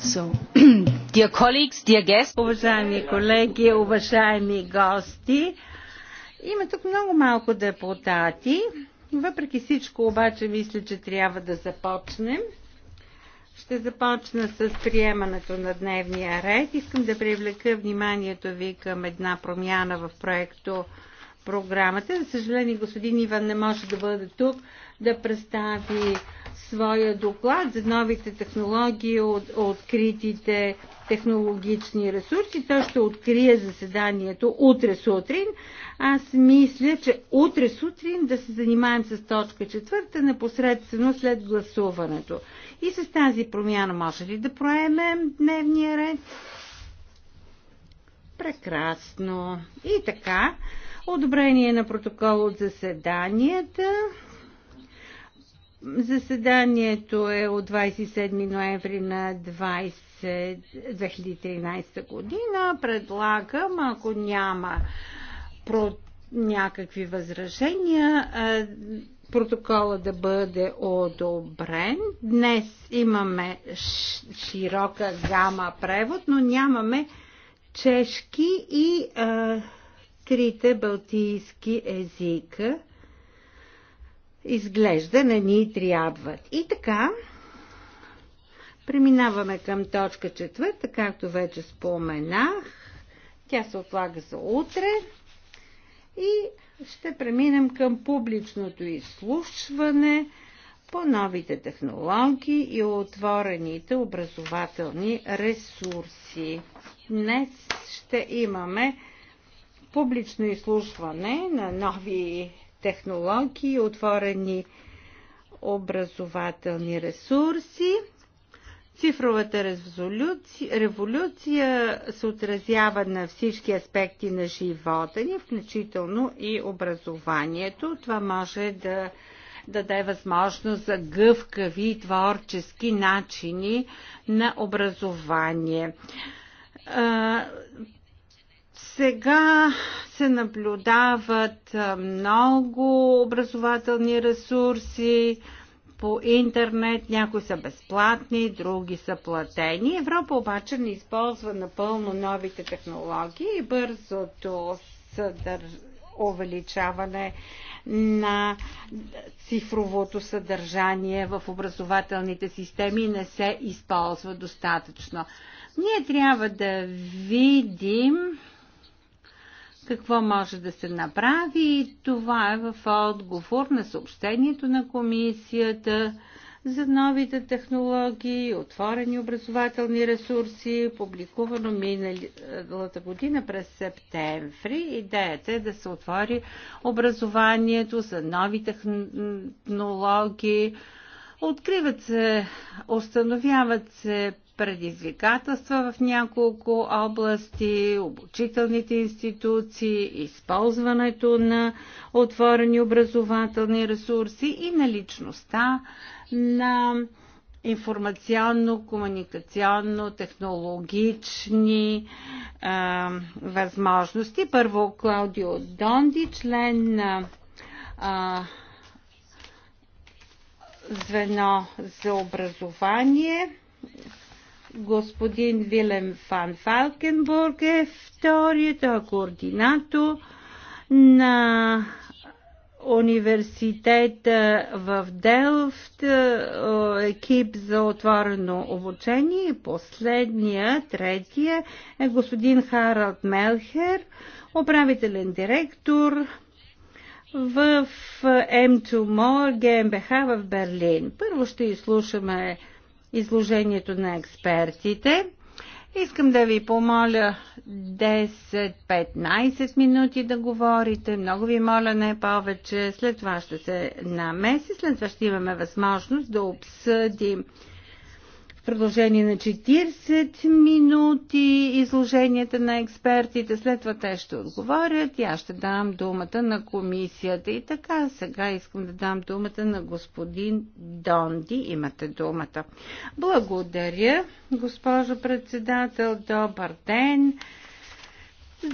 Уважаеми колеги, уважаеми гости, има тук много малко депутати. Въпреки всичко обаче мисля, че трябва да започнем. Ще започна с приемането на дневния ред. Искам да привлека вниманието ви към една промяна в проекто програмата. За съжаление, господин Иван не може да бъде тук да представи своя доклад за новите технологии от откритите технологични ресурси. Той ще открие заседанието утре сутрин. Аз мисля, че утре сутрин да се занимаем с точка четвърта непосредствено след гласуването. И с тази промяна може ли да проемем дневния ред? Прекрасно. И така, одобрение на протокол от заседанията. Заседанието е от 27 ноември на 20, 2013 година. Предлагам, ако няма про някакви възражения, протокола да бъде одобрен. Днес имаме широка гама превод, но нямаме чешки и а, трите балтийски езика изглежда на ни трябват. И така, преминаваме към точка четвърта, както вече споменах. Тя се отлага за утре. И ще преминем към публичното изслушване по новите технологии и отворените образователни ресурси. Днес ще имаме публично изслушване на нови технологии, отворени образователни ресурси. Цифровата революция, се отразява на всички аспекти на живота ни, включително и образованието. Това може да даде възможност за гъвкави и творчески начини на образование сега се наблюдават много образователни ресурси по интернет, някои са безплатни, други са платени. Европа обаче не използва напълно новите технологии и бързото съдър... увеличаване на цифровото съдържание в образователните системи не се използва достатъчно. Ние трябва да видим какво може да се направи. и Това е в отговор на съобщението на комисията за новите технологии, отворени образователни ресурси, публикувано миналата година през септември. Идеята е да се отвори образованието за нови технологии. Откриват се, установяват се предизвикателства в няколко области, обучителните институции, използването на отворени образователни ресурси и на личността на информационно-комуникационно-технологични е, възможности. Първо Клаудио Донди, член на е, звено за образование Господин Вилем Фан Фалкенбург е вторият е координатор на университета в Делфт, е, екип за отворено обучение последния, третия е господин Харалд Мелхер, управителен директор в M2More ГМБХ в Берлин. Първо ще изслушаме изложението на експертите. Искам да ви помоля 10-15 минути да говорите. Много ви моля, не повече. След това ще се намеси. След това ще имаме възможност да обсъдим в продължение на 40 минути изложенията на експертите. След това те ще отговорят и аз ще дам думата на комисията. И така, сега искам да дам думата на господин Донди. Имате думата. Благодаря, госпожо председател. Добър ден.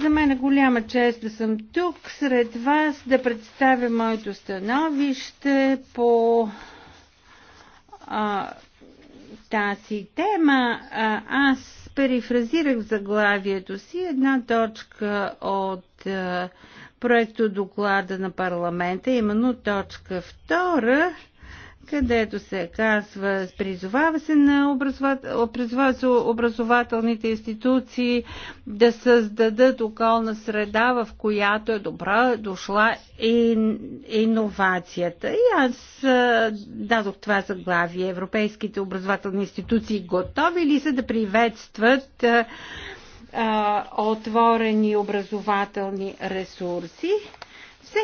За мен е голяма чест да съм тук сред вас, да представя моето становище по а, тази тема. Аз перифразирах заглавието си една точка от проекто доклада на парламента, именно точка втора – където се казва, призовава се на образова... призовава образователните институции да създадат околна среда, в която е добра дошла и иновацията. И аз дадох това заглавие. Европейските образователни институции готови ли са да приветстват а, отворени образователни ресурси?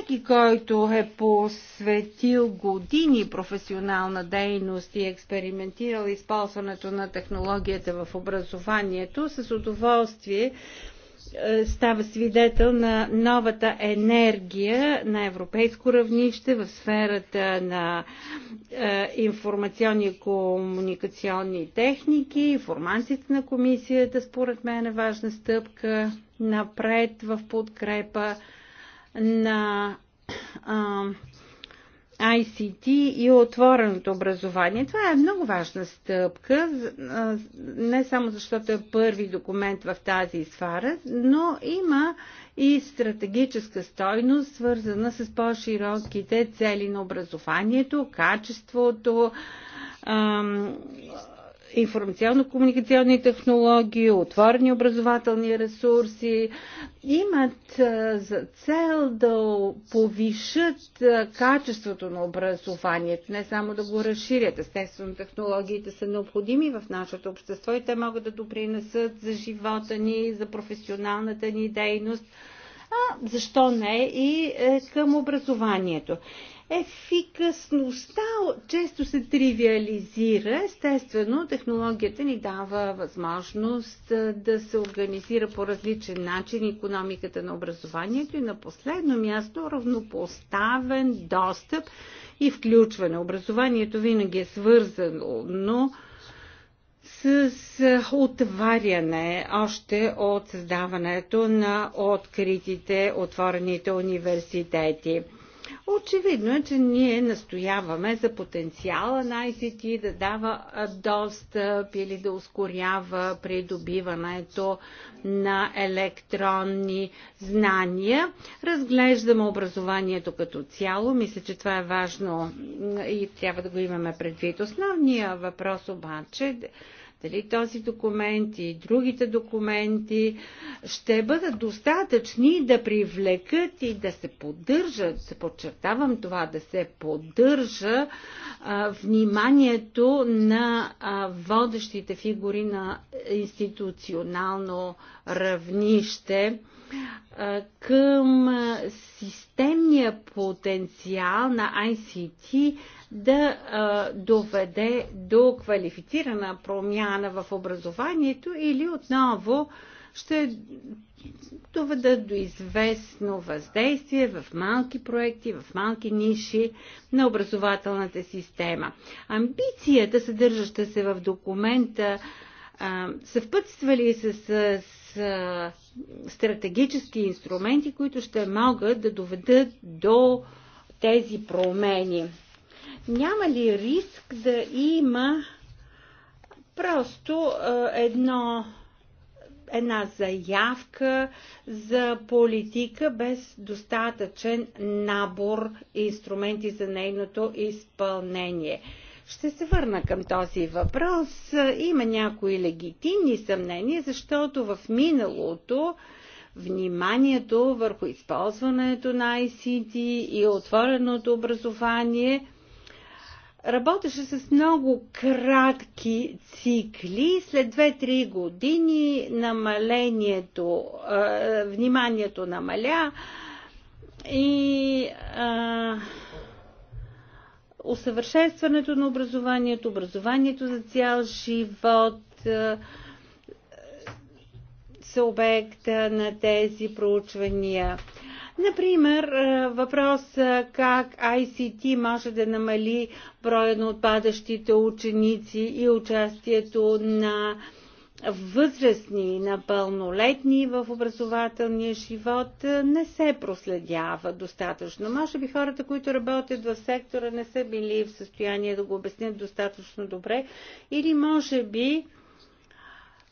Всеки, който е посветил години професионална дейност и е експериментирал използването на технологията в образованието, с удоволствие е, става свидетел на новата енергия на европейско равнище в сферата на е, информационни и комуникационни техники. Информацията на комисията, според мен, е важна стъпка напред в подкрепа на а, ICT и отвореното образование. Това е много важна стъпка, не само защото е първи документ в тази сфера, но има и стратегическа стойност, свързана с по-широките цели на образованието, качеството, информационно-комуникационни технологии, отворени образователни ресурси, имат за цел да повишат качеството на образованието, не само да го разширят. Естествено, технологиите са необходими в нашето общество и те могат да допринесат за живота ни, за професионалната ни дейност а защо не и е, към образованието. Ефикасността често се тривиализира. Естествено, технологията ни дава възможност да се организира по различен начин економиката на образованието и на последно място равнопоставен достъп и включване. Образованието винаги е свързано, но с отваряне още от създаването на откритите, отворените университети. Очевидно е, че ние настояваме за потенциала на ICT да дава достъп или да ускорява придобиването на електронни знания. Разглеждаме образованието като цяло. Мисля, че това е важно и трябва да го имаме предвид. Основният въпрос обаче е дали този документ и другите документи ще бъдат достатъчни да привлекат и да се поддържат, подчертавам това, да се поддържа а, вниманието на а, водещите фигури на институционално равнище към системния потенциал на ICT да а, доведе до квалифицирана промяна в образованието или отново ще доведат до известно въздействие в малки проекти, в малки ниши на образователната система. Амбицията, съдържаща се в документа, съвпътства ли с, с, с стратегически инструменти, които ще могат да доведат до тези промени. Няма ли риск да има просто едно една заявка за политика без достатъчен набор инструменти за нейното изпълнение. Ще се върна към този въпрос. Има някои легитимни съмнения, защото в миналото вниманието върху използването на ICT и отвореното образование – работеше с много кратки цикли. След 2-3 години намалението, вниманието намаля и а, усъвършенстването на образованието, образованието за цял живот а, са обекта на тези проучвания. Например, е, въпрос е, как ICT може да намали броя на отпадащите ученици и участието на възрастни и на пълнолетни в образователния живот е, не се проследява достатъчно. Може би хората, които работят в сектора, не са били в състояние да го обяснят достатъчно добре или може би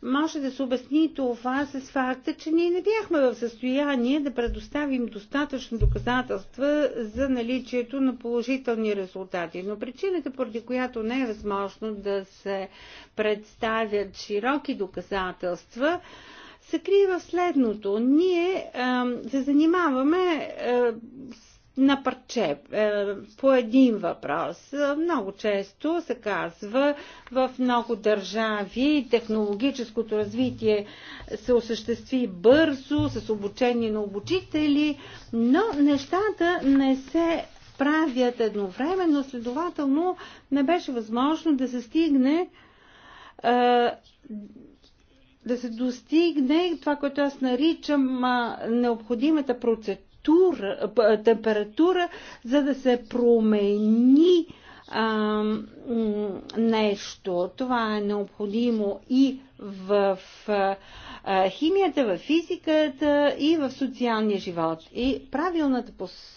може да се обясни това с факта, че ние не бяхме в състояние да предоставим достатъчно доказателства за наличието на положителни резултати. Но причината, поради която не е възможно да се представят широки доказателства, се крие в следното. Ние а, се занимаваме а, на парче е, по един въпрос. Много често се казва в много държави технологическото развитие се осъществи бързо, с обучение на обучители, но нещата не се правят едновременно, следователно не беше възможно да се стигне е, да се достигне това, което аз наричам необходимата процедура температура, за да се промени а, нещо. Това е необходимо и в а, химията, в физиката и в социалния живот. И правилната пос...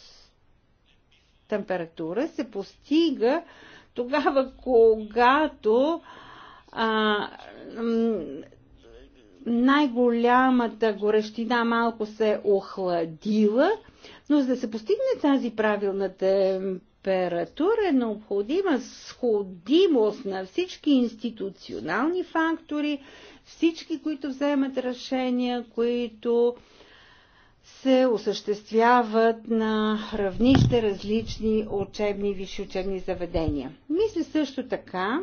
температура се постига тогава, когато а, най-голямата горещина малко се охладила, но за да се постигне тази правилна температура е необходима сходимост на всички институционални фактори, всички, които вземат решения, които се осъществяват на равнище различни учебни и висши учебни заведения. Мисля също така,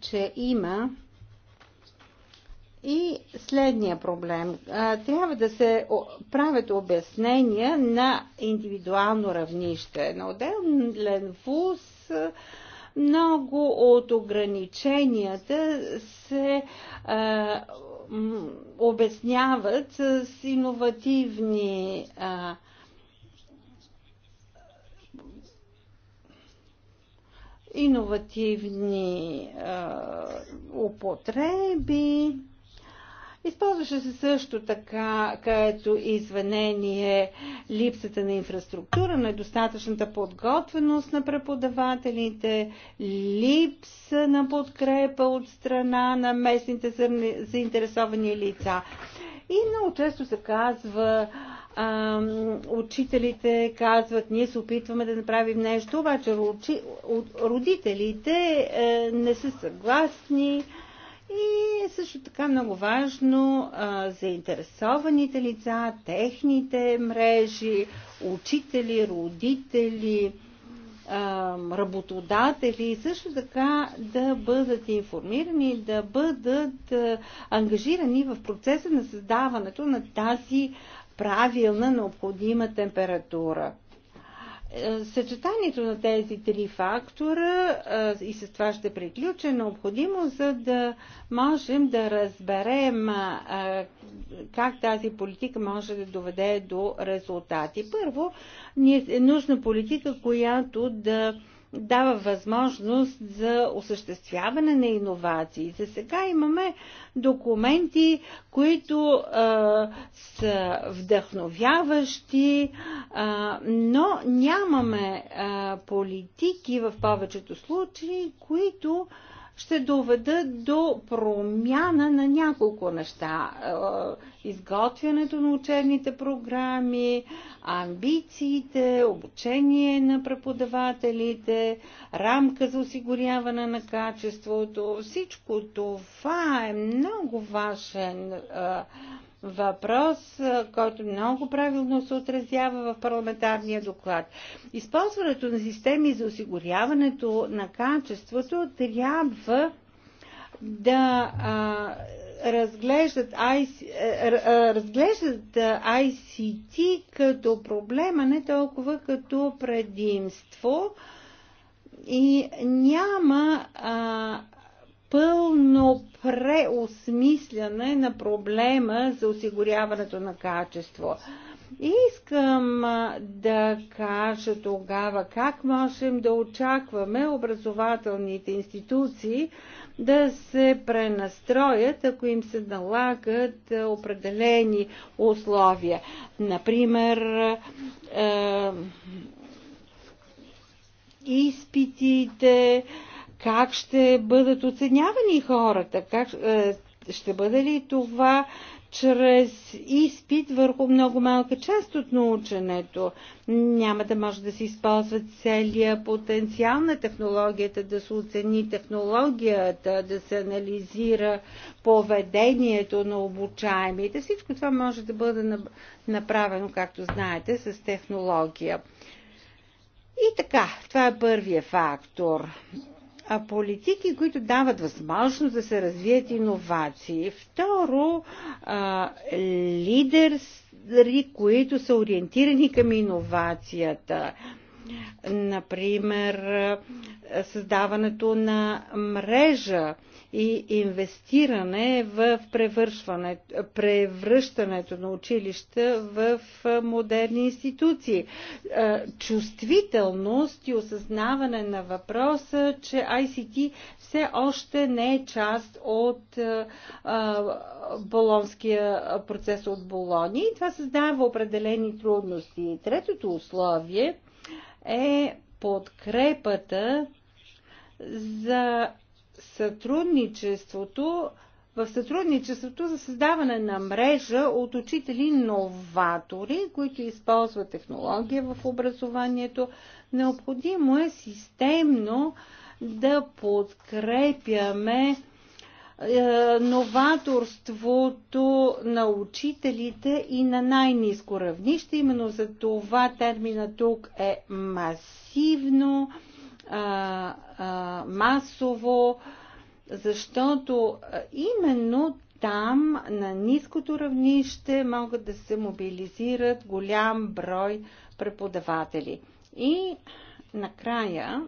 че има и следния проблем. Трябва да се правят обяснения на индивидуално равнище. На отделен вуз много от ограниченията се е, обясняват с иновативни е, иновативни е, употреби. Използваше се също така като извинение липсата на инфраструктура, недостатъчната подготвеност на преподавателите, липса на подкрепа от страна на местните заинтересовани лица. И много често се казва, а, учителите казват, ние се опитваме да направим нещо, обаче родителите а, е, не са съгласни и е също така много важно а, заинтересованите лица, техните мрежи, учители, родители, а, работодатели също така да бъдат информирани, да бъдат а, ангажирани в процеса на създаването на тази правилна необходима температура. Е, съчетанието на тези три фактора, е, и с това ще приключа, е необходимо, за да можем да разберем е, как тази политика може да доведе до резултати. Първо, ни е нужна политика, която да дава възможност за осъществяване на иновации. За сега имаме документи, които а, са вдъхновяващи, а, но нямаме а, политики в повечето случаи, които а, ще доведа до промяна на няколко неща. Е, изготвянето на учебните програми, амбициите, обучение на преподавателите, рамка за осигуряване на качеството. Всичко това е много важен е, въпрос, който много правилно се отразява в парламентарния доклад. Използването на системи за осигуряването на качеството трябва да а, разглеждат, IC, разглеждат ICT като проблема, не толкова като предимство и няма а, пълно преосмисляне на проблема за осигуряването на качество. Искам да кажа тогава как можем да очакваме образователните институции да се пренастроят, ако им се налагат определени условия. Например, е, изпитите, как ще бъдат оценявани хората, как, е, ще бъде ли това чрез изпит върху много малка част от наученето. Няма да може да се използва целия потенциал на технологията, да се оцени технологията, да се анализира поведението на обучаемите. Всичко това може да бъде направено, както знаете, с технология. И така, това е първия фактор а политики, които дават възможност да се развият иновации. Второ, а, лидерс лидери, които са ориентирани към иновацията. Например, създаването на мрежа и инвестиране в превръщането на училища в модерни институции. Е, чувствителност и осъзнаване на въпроса, че ICT все още не е част от е, болонския процес от Болони и това създава определени трудности. Третото условие е подкрепата за сътрудничеството в сътрудничеството за създаване на мрежа от учители-новатори, които използват технология в образованието. Необходимо е системно да подкрепяме е, новаторството на учителите и на най-низко равнище. Именно за това термина тук е масивно, а, а, масово, защото именно там на ниското равнище могат да се мобилизират голям брой преподаватели. И накрая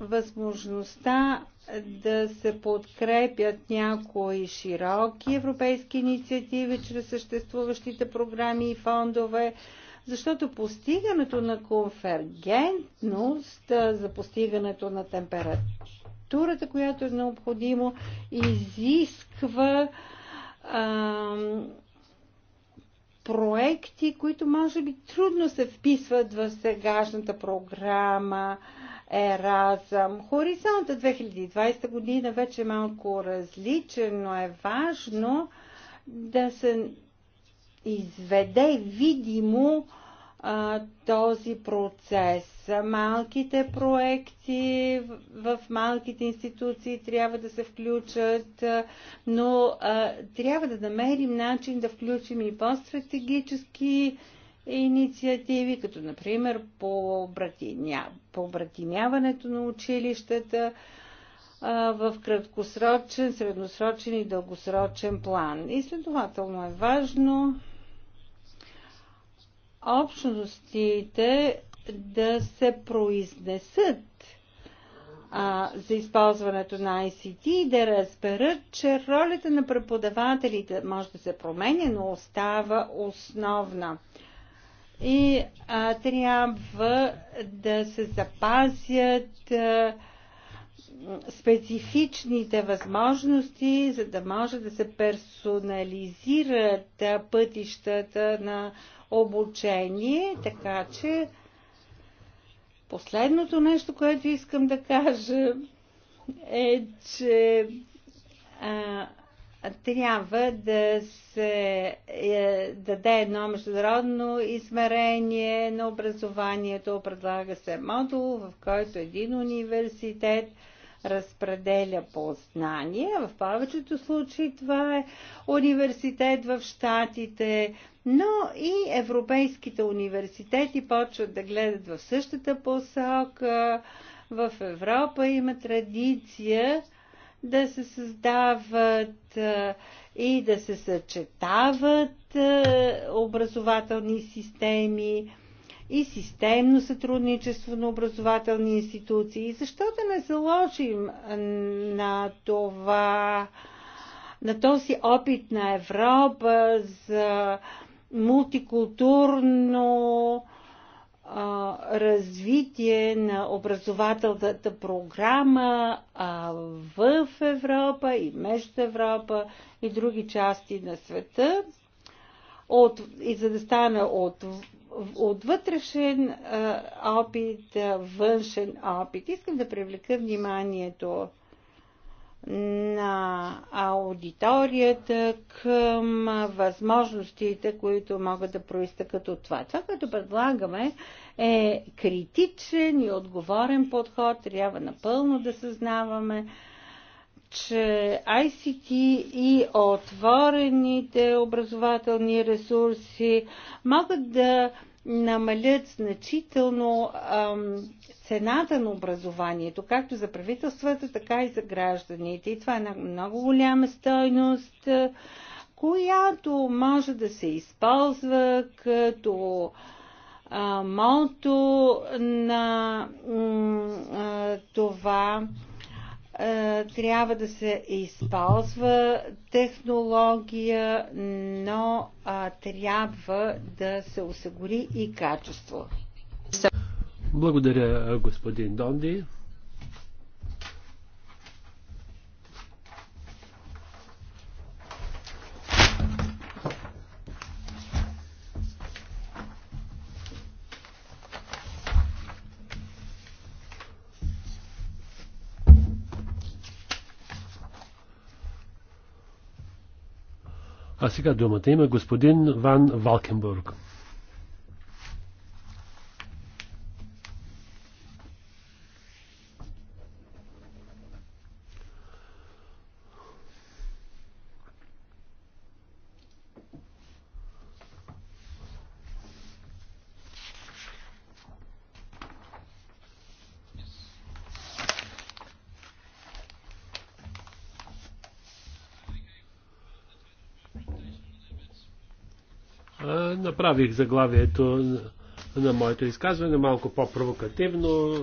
възможността да се подкрепят някои широки европейски инициативи чрез съществуващите програми и фондове, защото постигането на конвергентност, за постигането на температурата, която е необходимо, изисква а, проекти, които може би трудно се вписват в сегашната програма. А, Еразъм. Хоризонтът 2020 година вече е малко различен, но е важно да се изведе видимо а, този процес. Малките проекти в малките институции трябва да се включат, но а, трябва да намерим начин да включим и по-стратегически а, инициативи, като например по, братиня, на училищата в краткосрочен, средносрочен и дългосрочен план. И следователно е важно общностите да се произнесат а, за използването на ICT и да разберат, че ролята на преподавателите може да се променя, но остава основна и а, трябва да се запазят а, специфичните възможности, за да може да се персонализират пътищата на обучение, така че последното нещо, което искам да кажа е, че а, трябва да се е, даде едно международно измерение на образованието. Предлага се модул, в който един университет разпределя познания. В повечето случаи това е университет в Штатите, но и европейските университети почват да гледат в същата посока. В Европа има традиция да се създават и да се съчетават образователни системи и системно сътрудничество на образователни институции. Защо да не заложим на това, на този опит на Европа за мултикултурно развитие на образователната програма в Европа и между Европа и други части на света. От, и за да стане от, от вътрешен опит, външен опит. Искам да привлека вниманието на аудиторията към възможностите, които могат да проистъкат от това. Това, което предлагаме е критичен и отговорен подход. Трябва напълно да съзнаваме, че ICT и отворените образователни ресурси могат да намалят значително ам, цената на образованието, както за правителствата, така и за гражданите. И това е една много голяма стойност, която може да се използва като а, малто на а, това е, трябва да се използва технология, но а, трябва да се осигури и качество. Благодаря, господин Донди. А сега думата има господин Ван Валкенбург. Направих заглавието на моето изказване малко по-провокативно.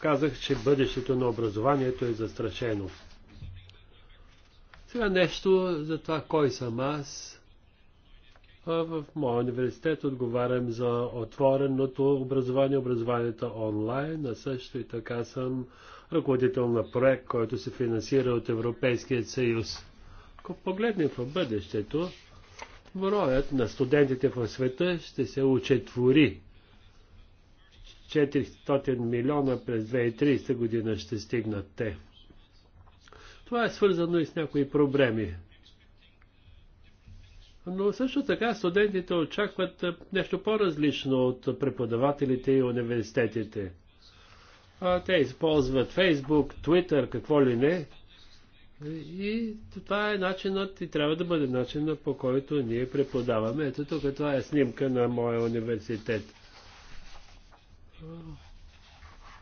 Казах, че бъдещето на образованието е застрашено. Сега нещо за това кой съм аз. В моя университет отговарям за отвореното образование, образованието онлайн, а също и така съм ръководител на проект, който се финансира от Европейския съюз. Ако погледнем в бъдещето, Броят на студентите в света ще се учетвори. 400 милиона през 2030 година ще стигнат те. Това е свързано и с някои проблеми. Но също така студентите очакват нещо по-различно от преподавателите и университетите. А те използват Фейсбук, Twitter, какво ли не, и това е начинът и трябва да бъде начинът по който ние преподаваме. Ето тук това е снимка на моя университет.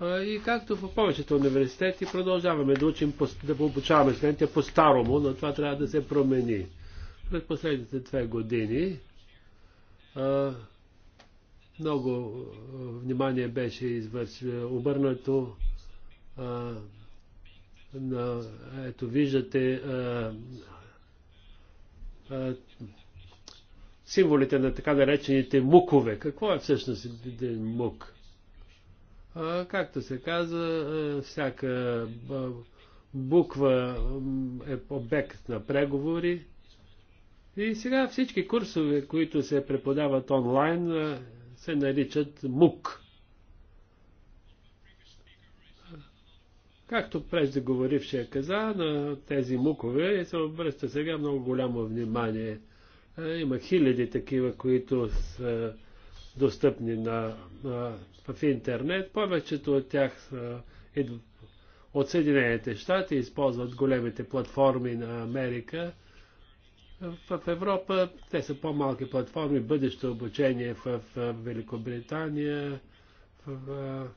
И както по повечето университети продължаваме да учим, да обучаваме студентите по-старому, но това трябва да се промени. През последните две години много внимание беше извърш... обърнато на, ето виждате а, а, символите на така наречените мукове. Какво е всъщност един мук? А, както се казва, всяка буква е обект на преговори. И сега всички курсове, които се преподават онлайн, се наричат мук. Както преждеговорившия каза, на тези мукове се обръща сега много голямо внимание. Е, има хиляди такива, които са достъпни на, на, в интернет. Повечето от тях са, от Съединените щати използват големите платформи на Америка. В Европа те са по-малки платформи, бъдещо обучение в Великобритания, в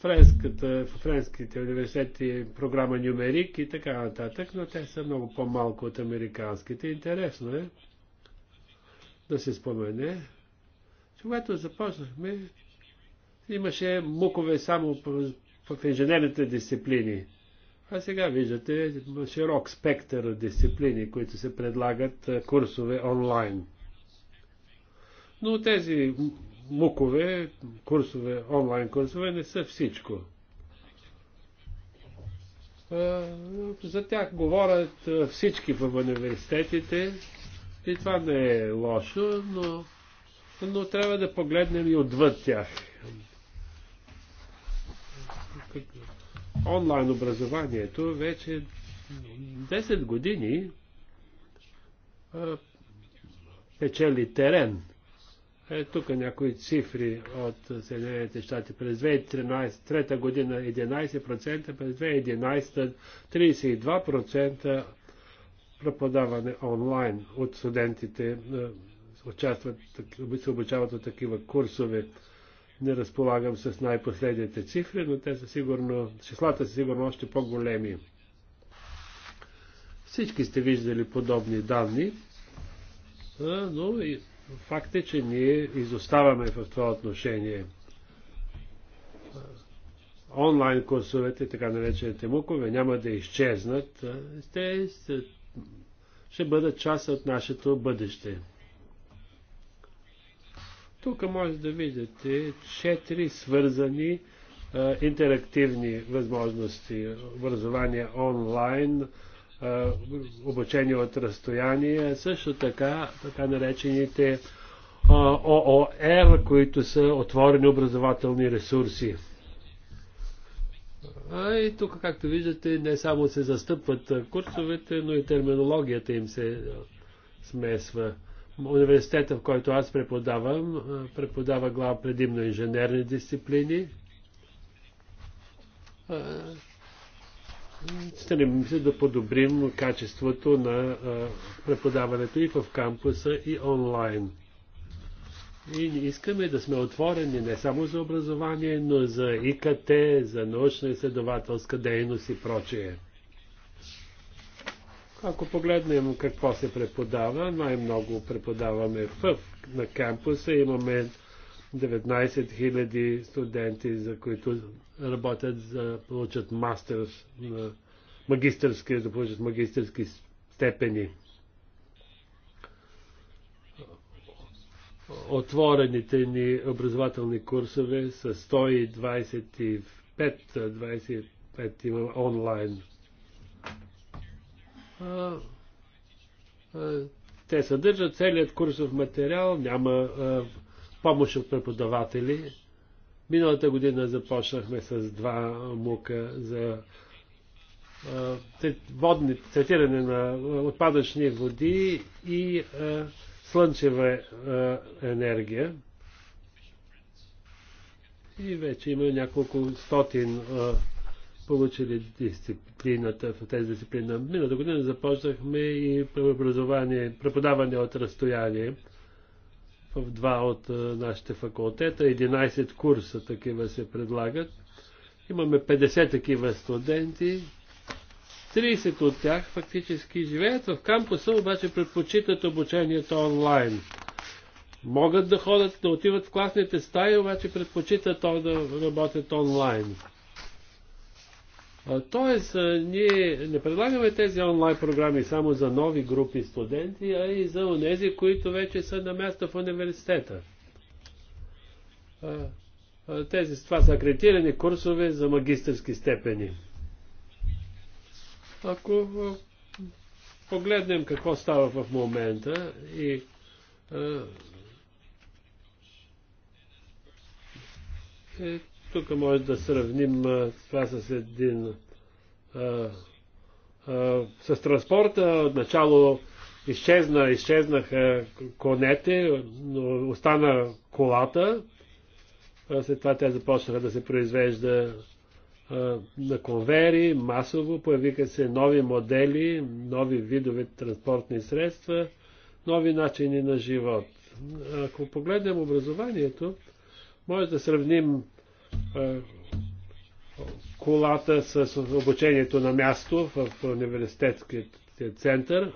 френската, френските университети програма Нюмерик и така нататък, но те са много по-малко от американските. Интересно е да се спомене, когато започнахме, имаше мукове само в, в инженерните дисциплини. А сега виждате широк спектър от дисциплини, които се предлагат курсове онлайн. Но тези мукове, курсове, онлайн курсове не са всичко. За тях говорят всички в университетите и това не е лошо, но, но трябва да погледнем и отвъд тях. Онлайн образованието вече 10 години печели терен е, тук някои цифри от Съединените щати. През 2013 година 11%, през 2011 32% преподаване онлайн от студентите е, участват, се обучават от такива курсове. Не разполагам с най-последните цифри, но те са сигурно, числата са сигурно още по-големи. Всички сте виждали подобни данни, е, но и Факт е, че ние изоставаме в това отношение. Онлайн курсовете, така наречените мукове, няма да изчезнат. Те ще бъдат част от нашето бъдеще. Тук може да видите четири свързани а, интерактивни възможности. Образование онлайн, обучение от разстояние, също така така наречените ООР, които са отворени образователни ресурси. А и тук, както виждате, не само се застъпват курсовете, но и терминологията им се смесва. Университета, в който аз преподавам, преподава глава предимно инженерни дисциплини стремим се да подобрим качеството на преподаването и в кампуса, и онлайн. И искаме да сме отворени не само за образование, но за ИКТ, за научна изследователска дейност и прочее. Ако погледнем какво се преподава, най-много преподаваме в на кампуса. Имаме 19 000 студенти, за които работят за да получат мастер, магистърски, да получат магистърски степени. Отворените ни образователни курсове са 125, 25 има онлайн. Те съдържат целият курсов материал, няма помощ от преподаватели Миналата година започнахме с два мука за водни, третиране на отпадъчни води и слънчева енергия. И вече има няколко стотин получили дисциплината в тези дисциплина. Миналата година започнахме и преобразование, преподаване от разстояние в два от нашите факултета. 11 курса такива се предлагат. Имаме 50 такива студенти. 30 от тях фактически живеят в кампуса, обаче предпочитат обучението онлайн. Могат да ходят, да отиват в класните стаи, обаче предпочитат да работят онлайн. Тоест, ние не предлагаме тези онлайн програми само за нови групи студенти, а и за онези, които вече са на място в университета. Тези, това са акредитирани курсове за магистърски степени. Ако погледнем какво става в момента и е, тук може да сравним това с един а, а, с транспорта. Отначало изчезна, изчезнаха конете, но остана колата. След това те започнаха да се произвежда на конвери, масово появиха се нови модели, нови видове транспортни средства, нови начини на живот. Ако погледнем образованието, може да сравним е, колата с обучението на място в университетския център.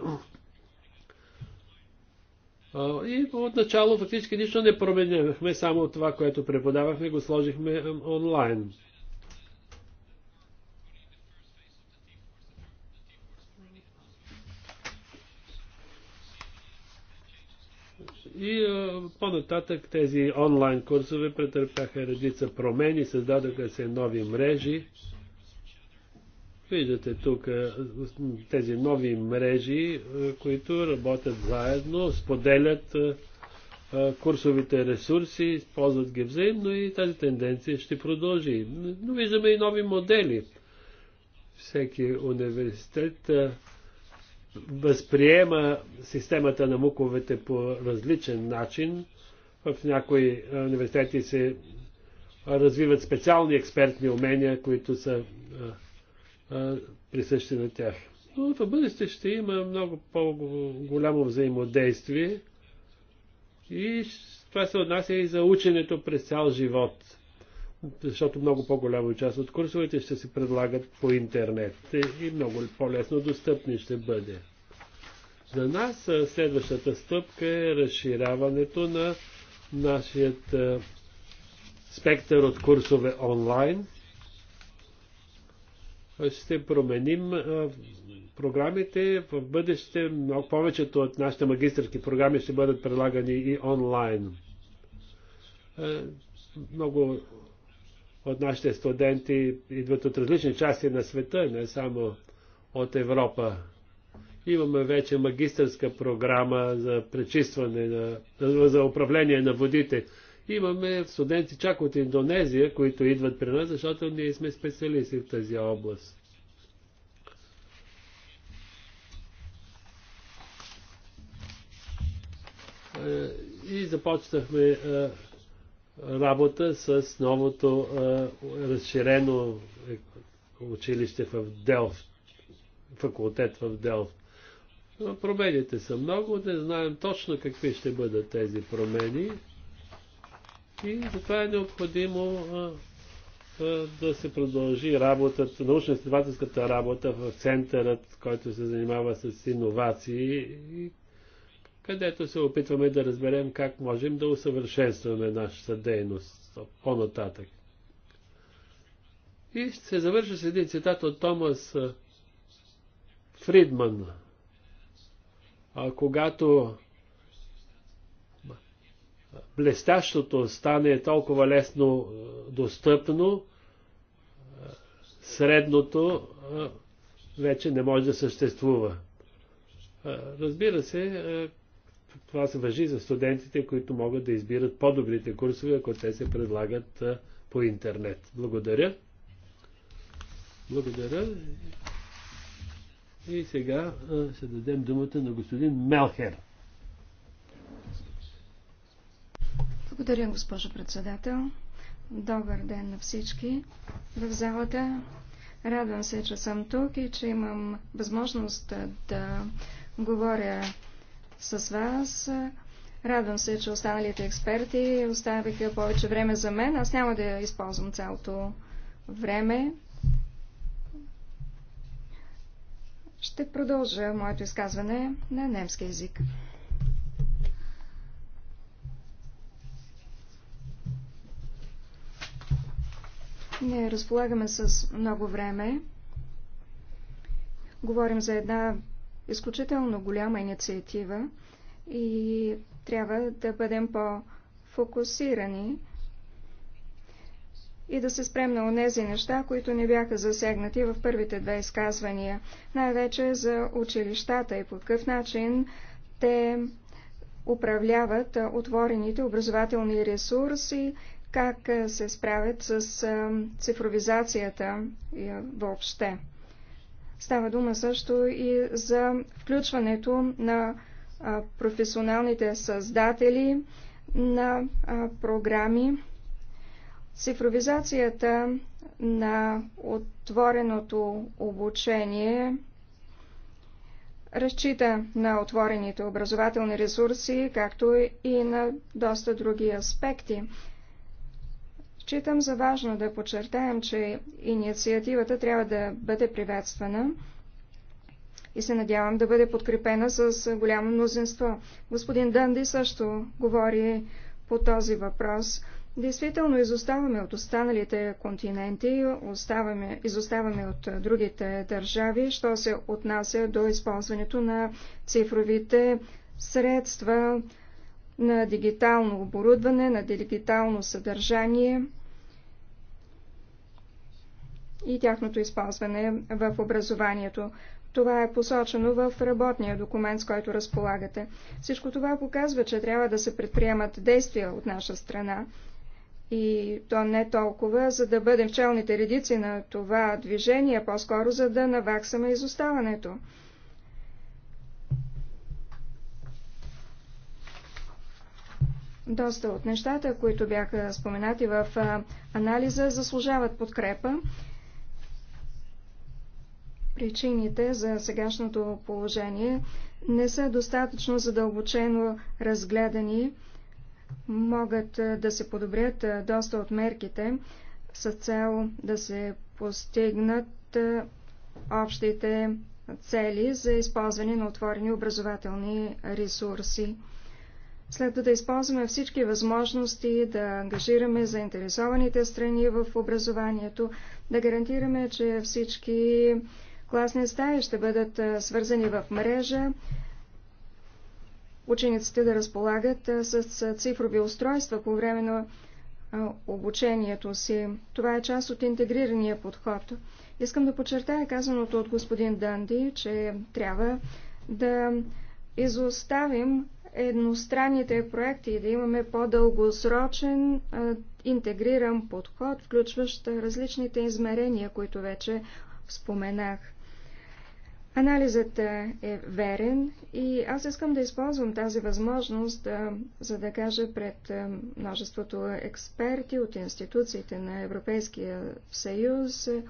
И отначало фактически нищо не променяхме, само това, което преподавахме, го сложихме онлайн. И по-нататък тези онлайн курсове претърпяха редица промени, създадоха се нови мрежи. Виждате тук тези нови мрежи, които работят заедно, споделят курсовите ресурси, използват ги взаимно и тази тенденция ще продължи. Но виждаме и нови модели. Всеки университет възприема системата на муковете по различен начин. В някои университети се развиват специални експертни умения, които са присъщи на тях. Но в бъдеще ще има много по-голямо взаимодействие и това се отнася и за ученето през цял живот защото много по-голяма част от курсовете ще се предлагат по интернет и много по-лесно достъпни ще бъде. За нас следващата стъпка е разширяването на нашият спектър от курсове онлайн. Ще променим програмите. В бъдеще много повечето от нашите магистрски програми ще бъдат предлагани и онлайн. Много от нашите студенти идват от различни части на света, не само от Европа. Имаме вече магистърска програма за пречистване, на, за управление на водите. Имаме студенти чак от Индонезия, които идват при нас, защото ние сме специалисти в тази област. Е, и започнахме е, работа с новото е, разширено училище в Делф, факултет в Делфт. Промените са много, не знаем точно какви ще бъдат тези промени и затова е необходимо е, е, да се продължи работата, научно-изследователската работа в центърът, който се занимава с иновации и където се опитваме да разберем как можем да усъвършенстваме нашата дейност по-нататък. И ще се завърша с един цитат от Томас Фридман. А, когато блестящото стане толкова лесно достъпно, средното вече не може да съществува. Разбира се, това се въжи за студентите, които могат да избират по-добрите курсове, ако те се предлагат по интернет. Благодаря. Благодаря. И сега ще дадем думата на господин Мелхер. Благодаря, госпожо председател. Добър ден на всички в залата. Радвам се, че съм тук и че имам възможност да говоря с вас. Радвам се, че останалите експерти оставиха повече време за мен. Аз няма да използвам цялото време. Ще продължа моето изказване на немски язик. Не разполагаме с много време. Говорим за една изключително голяма инициатива и трябва да бъдем по-фокусирани и да се спрем на онези неща, които не бяха засегнати в първите две изказвания, най-вече за училищата и по какъв начин те управляват отворените образователни ресурси, как се справят с цифровизацията въобще. Става дума също и за включването на професионалните създатели на програми. Цифровизацията на отвореното обучение разчита на отворените образователни ресурси, както и на доста други аспекти. Считам за важно да подчертаем, че инициативата трябва да бъде приветствана и се надявам да бъде подкрепена с голямо мнозинство. Господин Дънди също говори по този въпрос. Действително изоставаме от останалите континенти, оставаме, изоставаме от другите държави, що се отнася до използването на цифровите средства, на дигитално оборудване, на дигитално съдържание – и тяхното използване в образованието. Това е посочено в работния документ, с който разполагате. Всичко това показва, че трябва да се предприемат действия от наша страна. И то не толкова, за да бъдем в челните редици на това движение, по-скоро за да наваксаме изоставането. Доста от нещата, които бяха споменати в анализа, заслужават подкрепа Причините за сегашното положение не са достатъчно задълбочено разгледани. Могат да се подобрят доста от мерките с цел да се постигнат общите цели за използване на отворени образователни ресурси. Следва да използваме всички възможности да ангажираме заинтересованите страни в образованието, да гарантираме, че всички класни стаи ще бъдат свързани в мрежа, учениците да разполагат с цифрови устройства по време на обучението си. Това е част от интегрирания подход. Искам да подчертая казаното от господин Данди, че трябва да изоставим едностранните проекти и да имаме по-дългосрочен интегриран подход, включващ различните измерения, които вече споменах. Анализът е, е верен и аз искам да използвам тази възможност, да, за да кажа пред е, множеството експерти от институциите на Европейския съюз, е,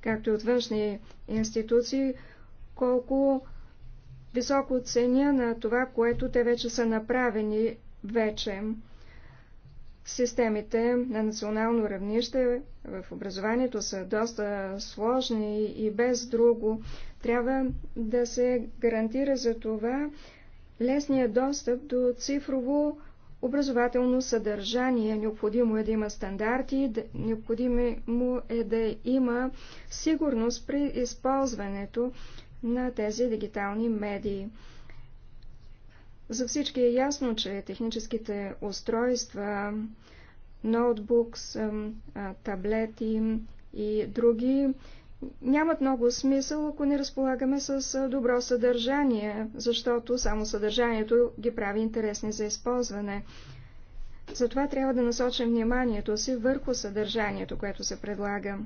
както и от външни институции, колко високо ценя на това, което те вече са направени вече. Системите на национално равнище в образованието са доста сложни и без друго. Трябва да се гарантира за това лесният достъп до цифрово образователно съдържание. Необходимо е да има стандарти, да, необходимо е да има сигурност при използването на тези дигитални медии. За всички е ясно, че техническите устройства, ноутбукс, таблети и други нямат много смисъл, ако не разполагаме с добро съдържание, защото само съдържанието ги прави интересни за използване. Затова трябва да насочим вниманието си върху съдържанието, което се предлага.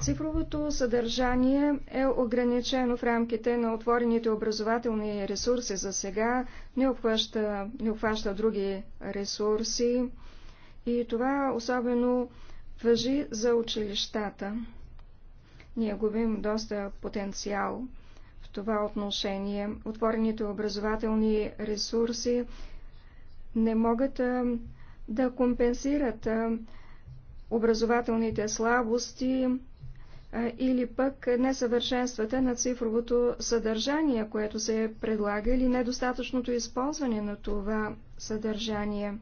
Цифровото съдържание е ограничено в рамките на отворените образователни ресурси за сега, не обхваща, не обхваща други ресурси и това особено въжи за училищата. Ние губим доста потенциал в това отношение. Отворените образователни ресурси не могат да компенсират образователните слабости или пък несъвършенствата на цифровото съдържание, което се предлага, или недостатъчното използване на това съдържание.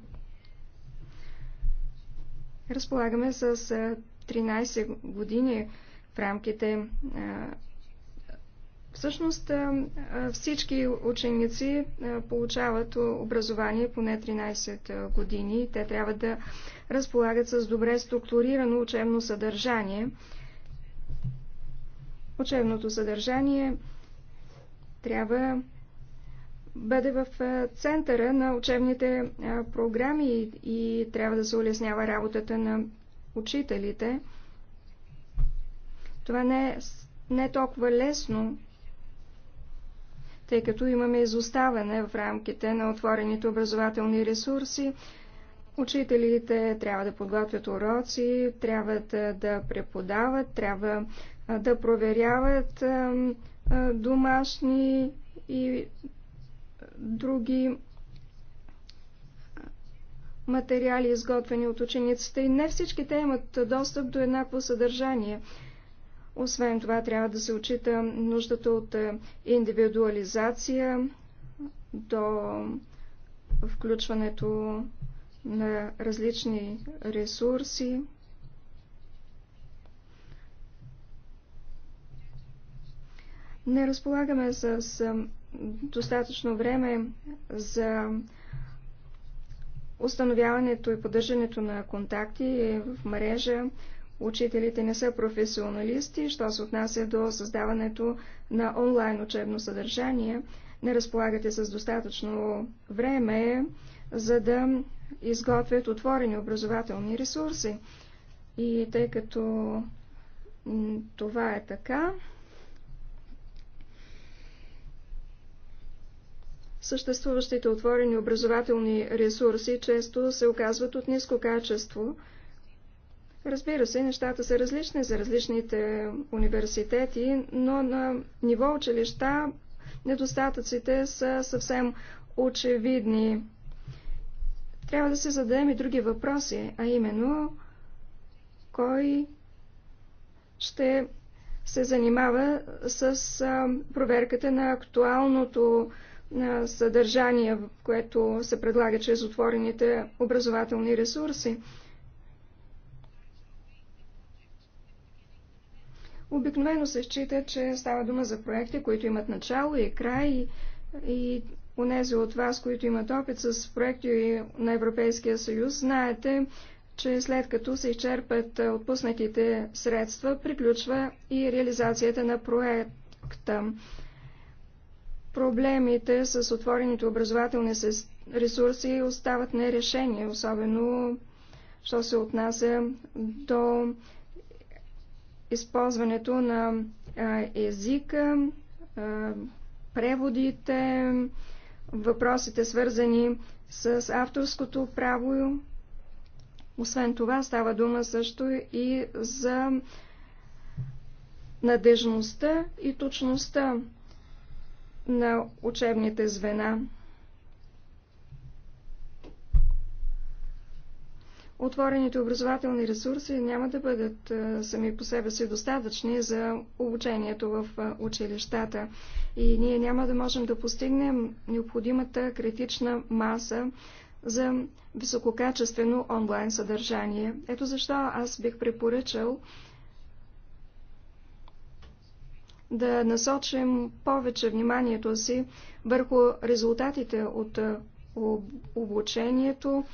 Разполагаме с 13 години в рамките. Всъщност всички ученици получават образование поне 13 години. Те трябва да разполагат с добре структурирано учебно съдържание учебното съдържание трябва бъде в центъра на учебните програми и трябва да се улеснява работата на учителите. Това не е, не е толкова лесно, тъй като имаме изоставане в рамките на отворените образователни ресурси. Учителите трябва да подготвят уроци, трябва да преподават, трябва да проверяват домашни и други материали, изготвени от учениците. И не всички те имат достъп до еднакво съдържание. Освен това, трябва да се очита нуждата от индивидуализация до включването на различни ресурси. Не разполагаме с достатъчно време за установяването и поддържането на контакти в мрежа. Учителите не са професионалисти, що се отнася до създаването на онлайн учебно съдържание. Не разполагате с достатъчно време, за да изготвят отворени образователни ресурси. И тъй като това е така, Съществуващите отворени образователни ресурси често се оказват от ниско качество. Разбира се, нещата са различни за различните университети, но на ниво училища недостатъците са съвсем очевидни. Трябва да се зададем и други въпроси, а именно кой ще се занимава с проверката на актуалното на съдържание, което се предлага чрез отворените образователни ресурси. Обикновено се счита, че става дума за проекти, които имат начало и край и, и унези от вас, които имат опит с проекти на Европейския съюз, знаете, че след като се изчерпат отпуснатите средства, приключва и реализацията на проекта. Проблемите с отворените образователни ресурси остават нерешени, особено що се отнася до използването на езика, преводите, въпросите свързани с авторското право. Освен това става дума също и за надежността и точността на учебните звена. Отворените образователни ресурси няма да бъдат сами по себе си достатъчни за обучението в училищата и ние няма да можем да постигнем необходимата критична маса за висококачествено онлайн съдържание. Ето защо аз бих препоръчал да насочим повече вниманието си върху резултатите от обучението,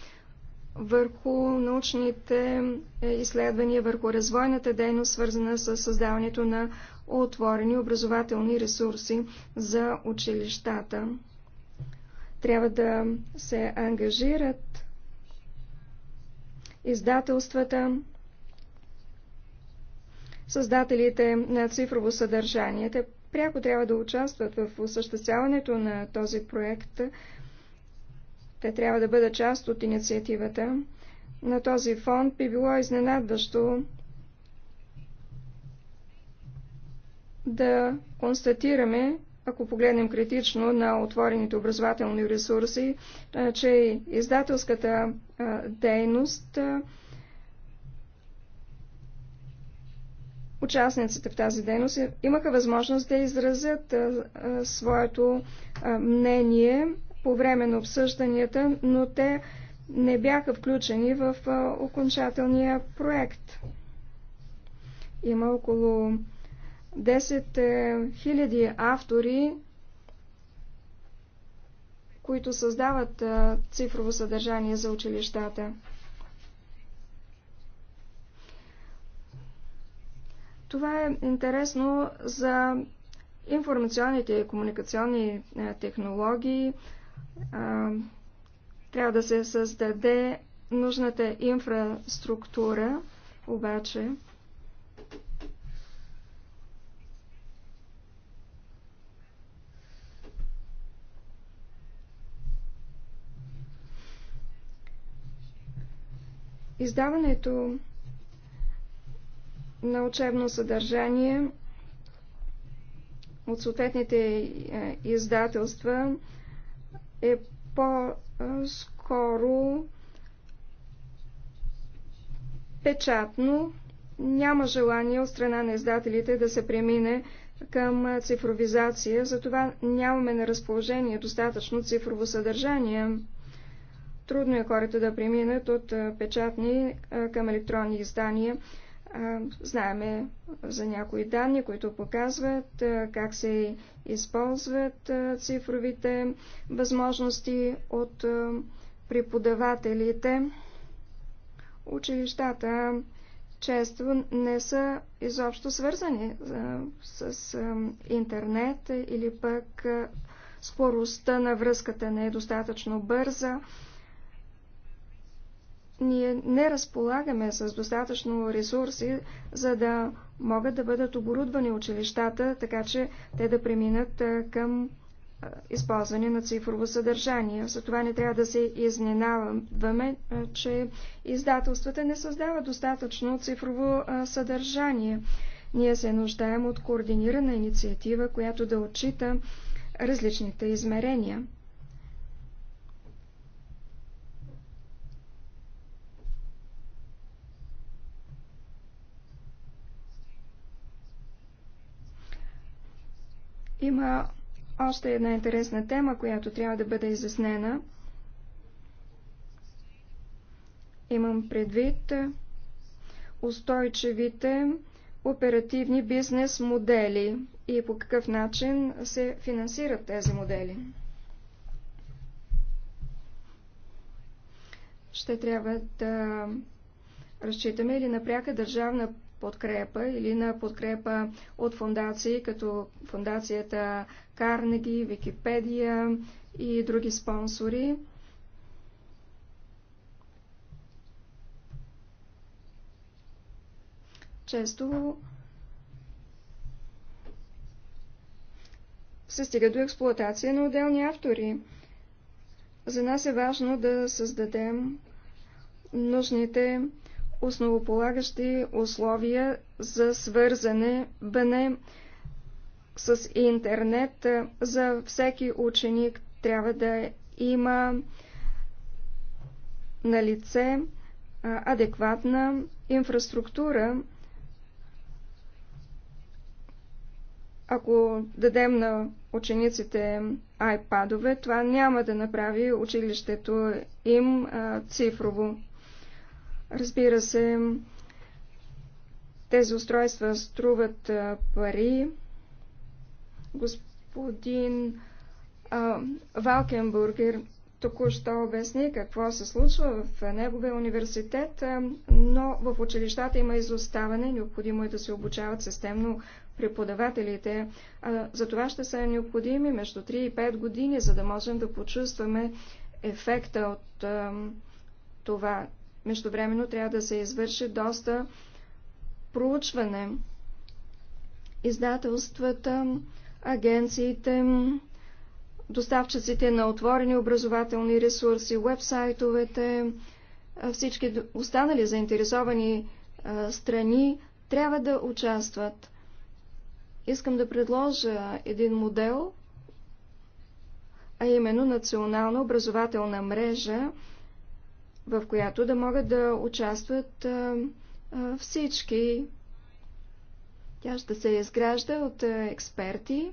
върху научните е, изследвания, върху развойната дейност, свързана с създаването на отворени образователни ресурси за училищата. Трябва да се ангажират издателствата, създателите на цифрово съдържание. Те пряко трябва да участват в осъществяването на този проект. Те трябва да бъдат част от инициативата. На този фонд би било изненадващо да констатираме, ако погледнем критично на отворените образователни ресурси, че издателската дейност участниците в тази дейност имаха възможност да изразят своето мнение по време на обсъжданията, но те не бяха включени в окончателния проект. Има около 10 000 е, автори, които създават цифрово съдържание за училищата. Това е интересно за информационните и комуникационни е, технологии. Е, трябва да се създаде нужната инфраструктура, обаче Издаването на учебно съдържание от съответните е, издателства е по-скоро печатно. Няма желание от страна на издателите да се премине към е, цифровизация, затова нямаме на разположение достатъчно цифрово съдържание. Трудно е хората да преминат от е, печатни към електронни издания. Знаеме за някои данни, които показват как се използват цифровите възможности от преподавателите. Училищата често не са изобщо свързани с интернет или пък скоростта на връзката не е достатъчно бърза ние не разполагаме с достатъчно ресурси, за да могат да бъдат оборудвани училищата, така че те да преминат към използване на цифрово съдържание. Затова не трябва да се изненаваме, че издателствата не създават достатъчно цифрово съдържание. Ние се нуждаем от координирана инициатива, която да отчита различните измерения. Има още една интересна тема, която трябва да бъде изяснена. Имам предвид устойчивите оперативни бизнес модели и по какъв начин се финансират тези модели. Ще трябва да разчитаме или напряка държавна подкрепа или на подкрепа от фундации, като фундацията Карнеги, Википедия и други спонсори. Често се стига до експлуатация на отделни автори. За нас е важно да създадем нужните основополагащи условия за свързане бъне с интернет. За всеки ученик трябва да има на лице адекватна инфраструктура. Ако дадем на учениците айпадове, това няма да направи училището им цифрово. Разбира се, тези устройства струват пари. Господин а, Валкенбургер току-що обясни какво се случва в неговия университет, но в училищата има изоставане, необходимо е да се обучават системно преподавателите. За това ще са необходими между 3 и 5 години, за да можем да почувстваме ефекта от това. Междувременно трябва да се извърши доста проучване. Издателствата, агенциите, доставчиците на отворени образователни ресурси, вебсайтовете, всички останали заинтересовани страни трябва да участват. Искам да предложа един модел, а именно национална образователна мрежа, в която да могат да участват всички. Тя ще се изгражда от експерти,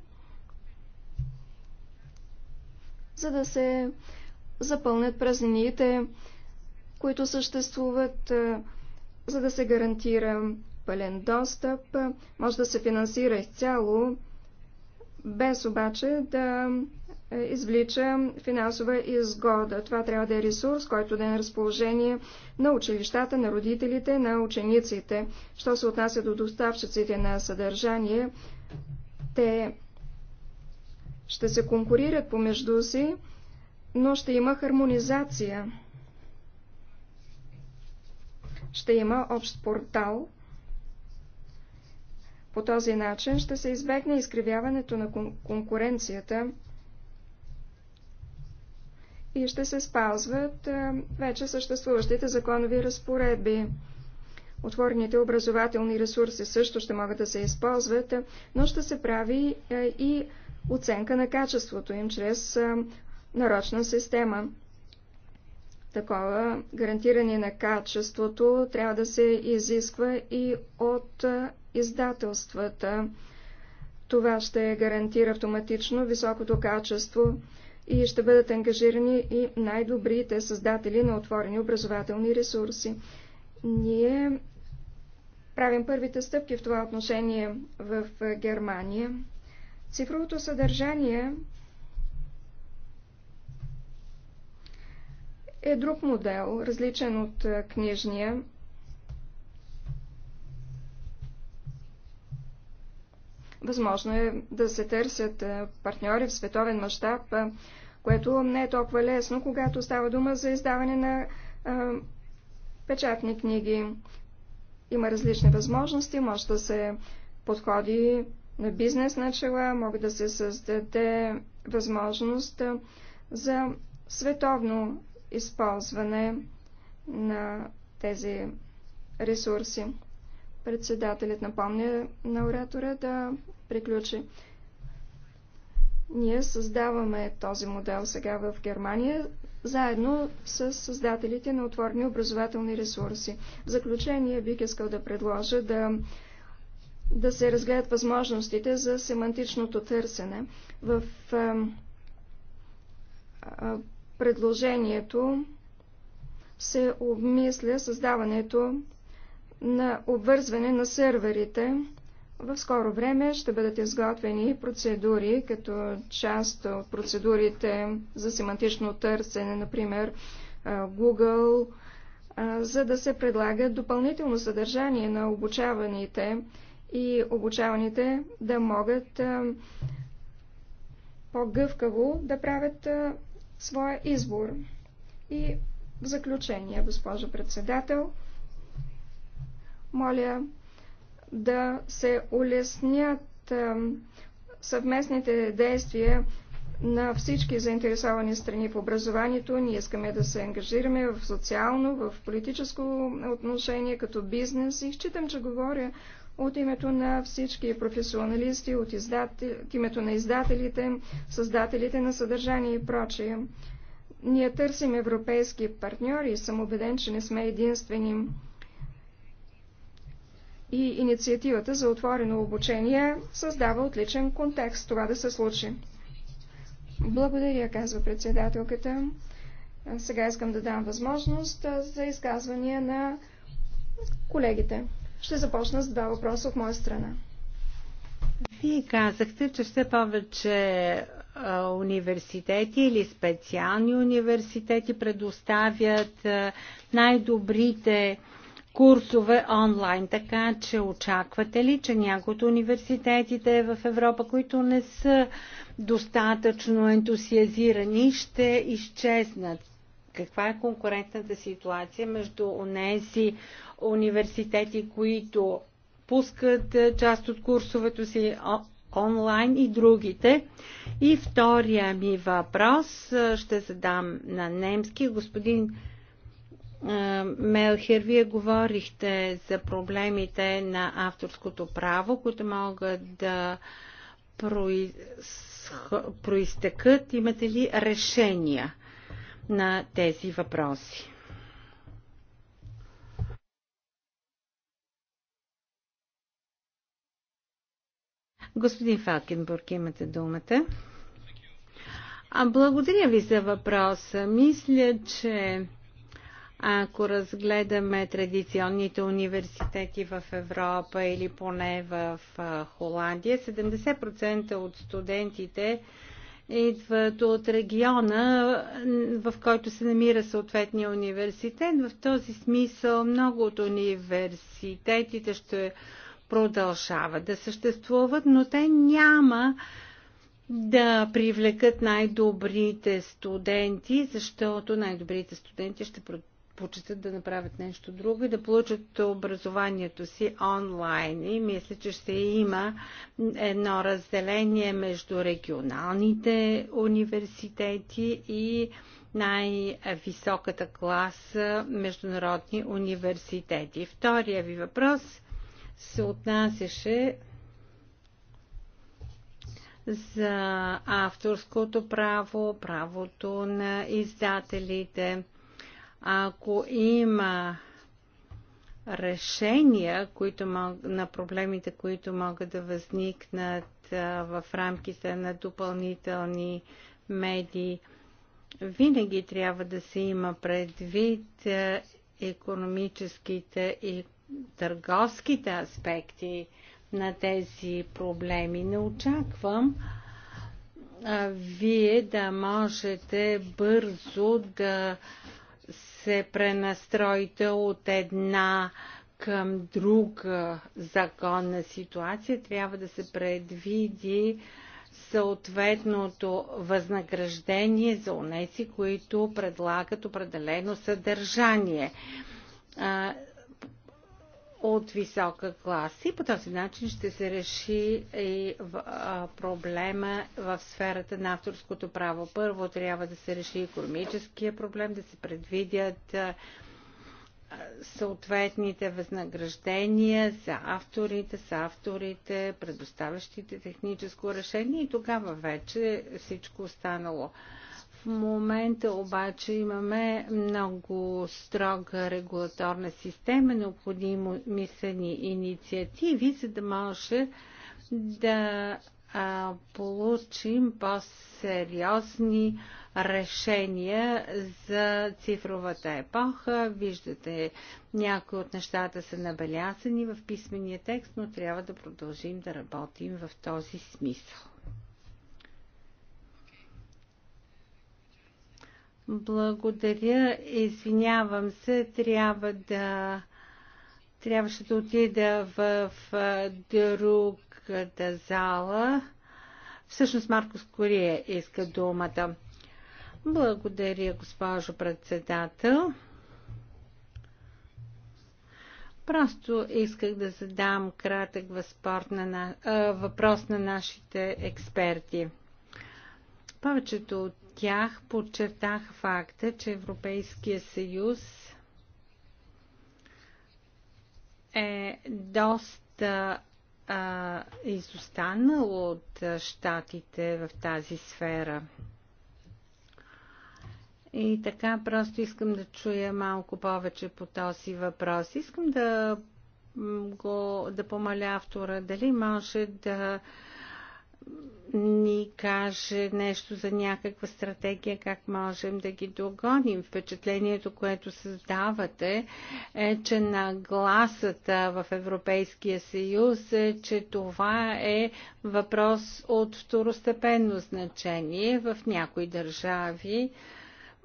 за да се запълнят празнините, които съществуват, за да се гарантира пълен достъп, може да се финансира изцяло, без обаче да е, извлича финансова изгода. Това трябва да е ресурс, който да е на разположение на училищата, на родителите, на учениците. Що се отнася до доставчиците на съдържание, те ще се конкурират помежду си, но ще има хармонизация. Ще има общ портал. По този начин ще се избегне изкривяването на конкуренцията и ще се спазват вече съществуващите законови разпоредби. Отворените образователни ресурси също ще могат да се използват, но ще се прави и оценка на качеството им чрез нарочна система. Такова гарантиране на качеството трябва да се изисква и от издателствата. Това ще гарантира автоматично високото качество и ще бъдат ангажирани и най-добрите създатели на отворени образователни ресурси. Ние правим първите стъпки в това отношение в Германия. Цифровото съдържание е друг модел, различен от книжния. Възможно е да се търсят е, партньори в световен мащаб, е, което не е толкова лесно, когато става дума за издаване на а, е, печатни книги. Има различни възможности, може да се подходи на бизнес начала, могат да се създаде възможност за световно използване на тези ресурси. Председателят напомня на оратора да приключи. Ние създаваме този модел сега в Германия, заедно с създателите на отворни образователни ресурси. В заключение бих искал да предложа да, да се разгледат възможностите за семантичното търсене. В а, а, предложението се обмисля създаването на обвързване на серверите, В скоро време ще бъдат изготвени процедури, като част от процедурите за семантично търсене, например Google, за да се предлага допълнително съдържание на обучаваните и обучаваните да могат по-гъвкаво да правят своя избор. И в заключение, госпожо председател, моля да се улеснят съвместните действия на всички заинтересовани страни в образованието. Ние искаме да се ангажираме в социално, в политическо отношение, като бизнес и считам, че говоря от името на всички професионалисти, от, издател, от името на издателите, създателите на съдържание и прочие. Ние търсим европейски партньори и съм убеден, че не сме единствени и инициативата за отворено обучение създава отличен контекст това да се случи. Благодаря, казва председателката. Сега искам да дам възможност за изказвания на колегите. Ще започна с два въпроса от моя страна. Вие казахте, че все повече университети или специални университети предоставят най-добрите курсове онлайн, така че очаквате ли, че някои от университетите в Европа, които не са достатъчно ентусиазирани, ще изчезнат? Каква е конкурентната ситуация между онези университети, които пускат е, част от курсовето си онлайн и другите. И втория ми въпрос е, ще задам на немски. Господин Мелхер, вие говорихте за проблемите на авторското право, които могат да проистекат. Имате ли решения на тези въпроси? Господин Фалкенбург, имате думата. А благодаря ви за въпроса. Мисля, че ако разгледаме традиционните университети в Европа или поне в Холандия, 70% от студентите идват от региона, в който се намира съответния университет. В този смисъл много от университетите ще продължават да съществуват, но те няма да привлекат най-добрите студенти, защото най-добрите студенти ще продължават предпочитат да направят нещо друго и да получат образованието си онлайн. И мисля, че ще има едно разделение между регионалните университети и най-високата класа международни университети. Втория ви въпрос се отнасяше за авторското право, правото на издателите. Ако има решения които мог, на проблемите, които могат да възникнат а, в рамките на допълнителни медии, винаги трябва да се има предвид а, економическите и търговските аспекти на тези проблеми. Не очаквам а, вие да можете бързо да а, се пренастроите от една към друга законна ситуация, трябва да се предвиди съответното възнаграждение за унеси, които предлагат определено съдържание от висока клас и по този начин ще се реши и проблема в сферата на авторското право. Първо трябва да се реши економическия проблем, да се предвидят съответните възнаграждения за авторите, са авторите, предоставящите техническо решение и тогава вече всичко останало момента обаче имаме много строга регулаторна система, необходимо мислени инициативи, за да може да а, получим по-сериозни решения за цифровата епоха. Виждате, някои от нещата са набелязани в писмения текст, но трябва да продължим да работим в този смисъл. Благодаря. Извинявам се, трябва да трябваше да отида в, в другата зала. Всъщност Маркос Кория иска думата. Благодаря, госпожо председател. Просто исках да задам кратък на, въпрос на нашите експерти. Повечето от тях подчертах факта, че Европейския съюз е доста а, изостанал от щатите в тази сфера. И така просто искам да чуя малко повече по този въпрос. Искам да, го, да помоля автора дали може да ни каже нещо за някаква стратегия, как можем да ги догоним. Впечатлението, което създавате, е, че нагласата в Европейския съюз е, че това е въпрос от второстепенно значение в някои държави.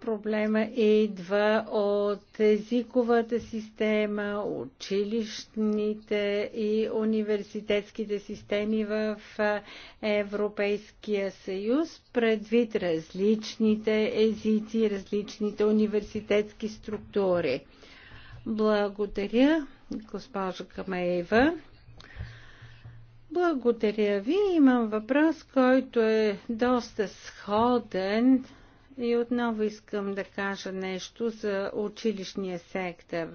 Проблема идва от езиковата система, училищните и университетските системи в Европейския съюз, предвид различните езици, различните университетски структури. Благодаря, госпожа Камеева. Благодаря ви. Имам въпрос, който е доста сходен и отново искам да кажа нещо за училищния сектор.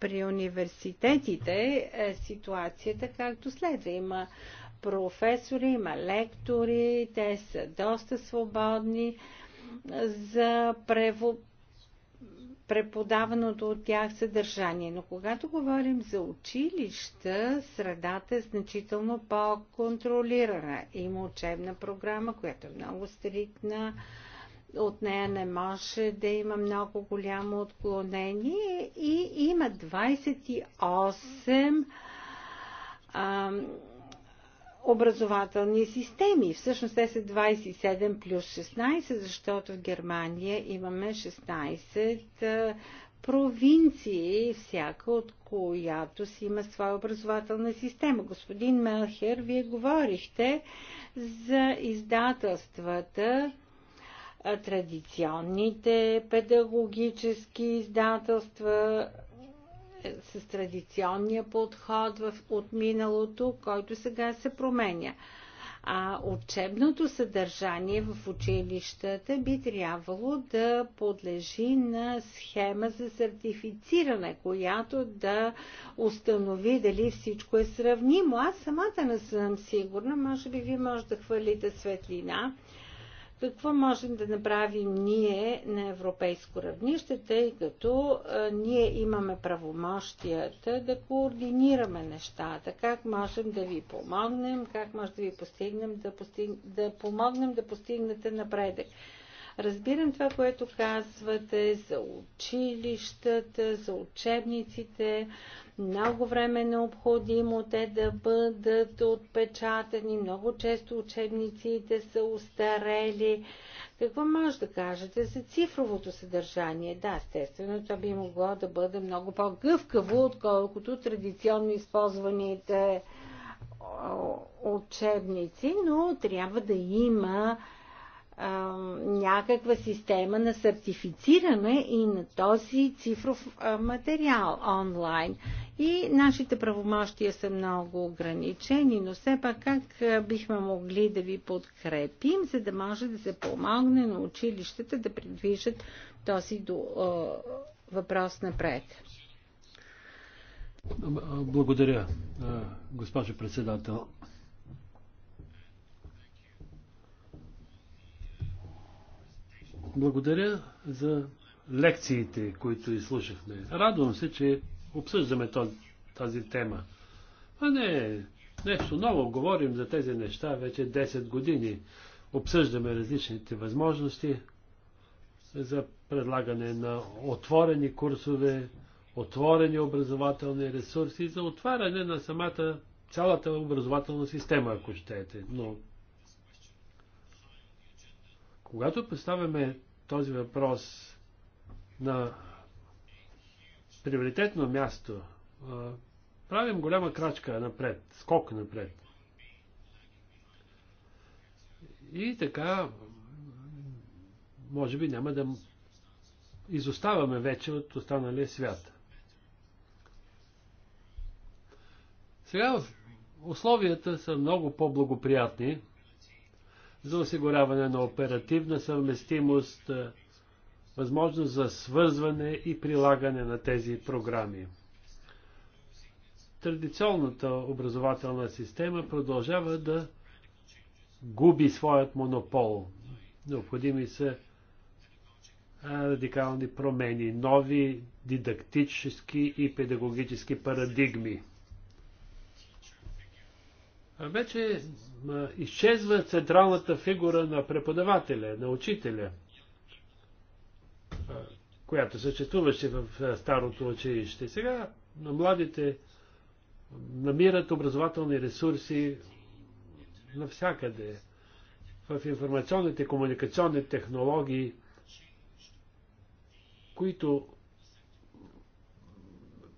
При университетите е ситуацията както следва. Има професори, има лектори, те са доста свободни за прево... преподаваното от тях съдържание. Но когато говорим за училища, средата е значително по-контролирана. Има учебна програма, която е много стриктна от нея не може да има много голямо отклонение и има 28 а, образователни системи. Всъщност те са 27 плюс 16, защото в Германия имаме 16 провинции, всяка от която си има своя образователна система. Господин Мелхер, вие говорихте за издателствата, традиционните педагогически издателства е, с традиционния подход в, от миналото, който сега се променя. А учебното съдържание в училищата би трябвало да подлежи на схема за сертифициране, която да установи дали всичко е сравнимо. Аз самата не съм сигурна, може би ви може да хвалите светлина какво можем да направим ние на европейско равнище, тъй като а, ние имаме правомощията да координираме нещата? Как можем да ви помогнем? Как може да ви постигнем да, постиг... да помогнем да постигнете напредък? Разбирам това, което казвате за училищата, за учебниците, много време е необходимо те да бъдат отпечатани. Много често учебниците са устарели. Какво може да кажете за цифровото съдържание? Да, естествено, то би могло да бъде много по-гъвкаво, отколкото традиционно използваните учебници, но трябва да има някаква система на сертифициране и на този цифров материал онлайн. И нашите правомощия са много ограничени, но все пак как бихме могли да ви подкрепим, за да може да се помогне на училищата да придвижат този до, а, въпрос напред? Благодаря, госпожо председател. Благодаря за лекциите, които изслушахме. Радвам се, че обсъждаме тази тема. А не, нещо ново. Говорим за тези неща вече 10 години. Обсъждаме различните възможности за предлагане на отворени курсове, отворени образователни ресурси, за отваряне на самата цялата образователна система, ако щете. Но когато представяме този въпрос на приоритетно място, правим голяма крачка напред, скок напред. И така, може би няма да изоставаме вече от останалия свят. Сега условията са много по-благоприятни за осигуряване на оперативна съвместимост, е, възможност за свързване и прилагане на тези програми. Традиционната образователна система продължава да губи своят монопол. Необходими са е, радикални промени, нови дидактически и педагогически парадигми – вече изчезва централната фигура на преподавателя, на учителя, която съществуваше в старото училище. Сега на младите намират образователни ресурси навсякъде. В информационните комуникационни технологии, които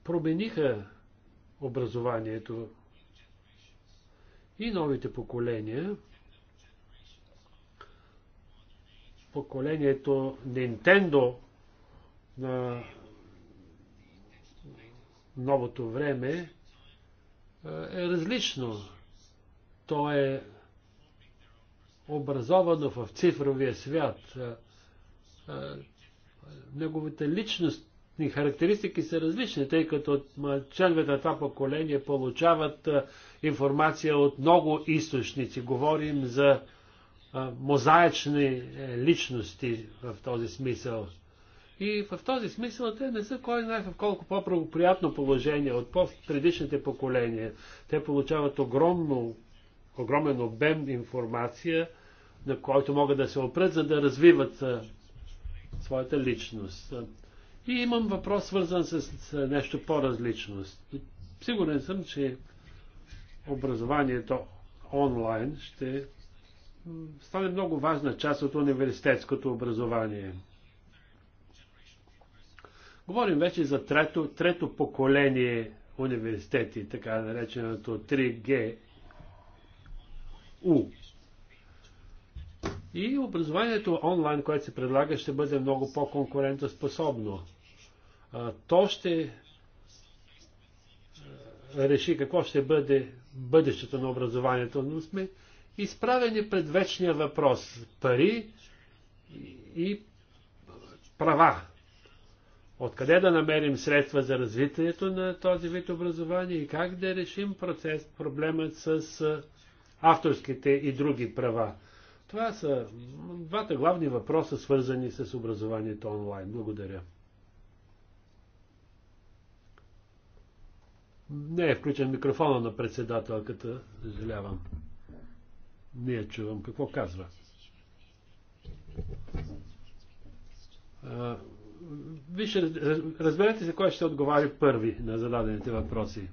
промениха образованието и новите поколения, поколението Nintendo на новото време е, е различно. То е образовано в цифровия свят. Е, е, неговата личност характеристики са различни, тъй като членовете на това поколение получават информация от много източници. Говорим за мозаични е, личности в този смисъл. И в този смисъл те не са кой знае в колко по-правоприятно положение от по-предишните поколения. Те получават огромно, огромен обем информация, на който могат да се опред, за да развиват своята личност. И имам въпрос, свързан с нещо по-различно. Сигурен съм, че образованието онлайн ще стане много важна част от университетското образование. Говорим вече за трето, трето поколение университети, така нареченото 3G У. И образованието онлайн, което се предлага, ще бъде много по-конкурентоспособно то ще е, реши какво ще бъде бъдещето на образованието, но сме изправени пред вечния въпрос пари и права. Откъде да намерим средства за развитието на този вид образование и как да решим процес, проблемът с авторските и други права. Това са двата главни въпроса, свързани с образованието онлайн. Благодаря. Не е включен микрофона на председателката, съжалявам. Не я чувам. Какво казва? вижте, разберете се кой ще отговаря първи на зададените въпроси.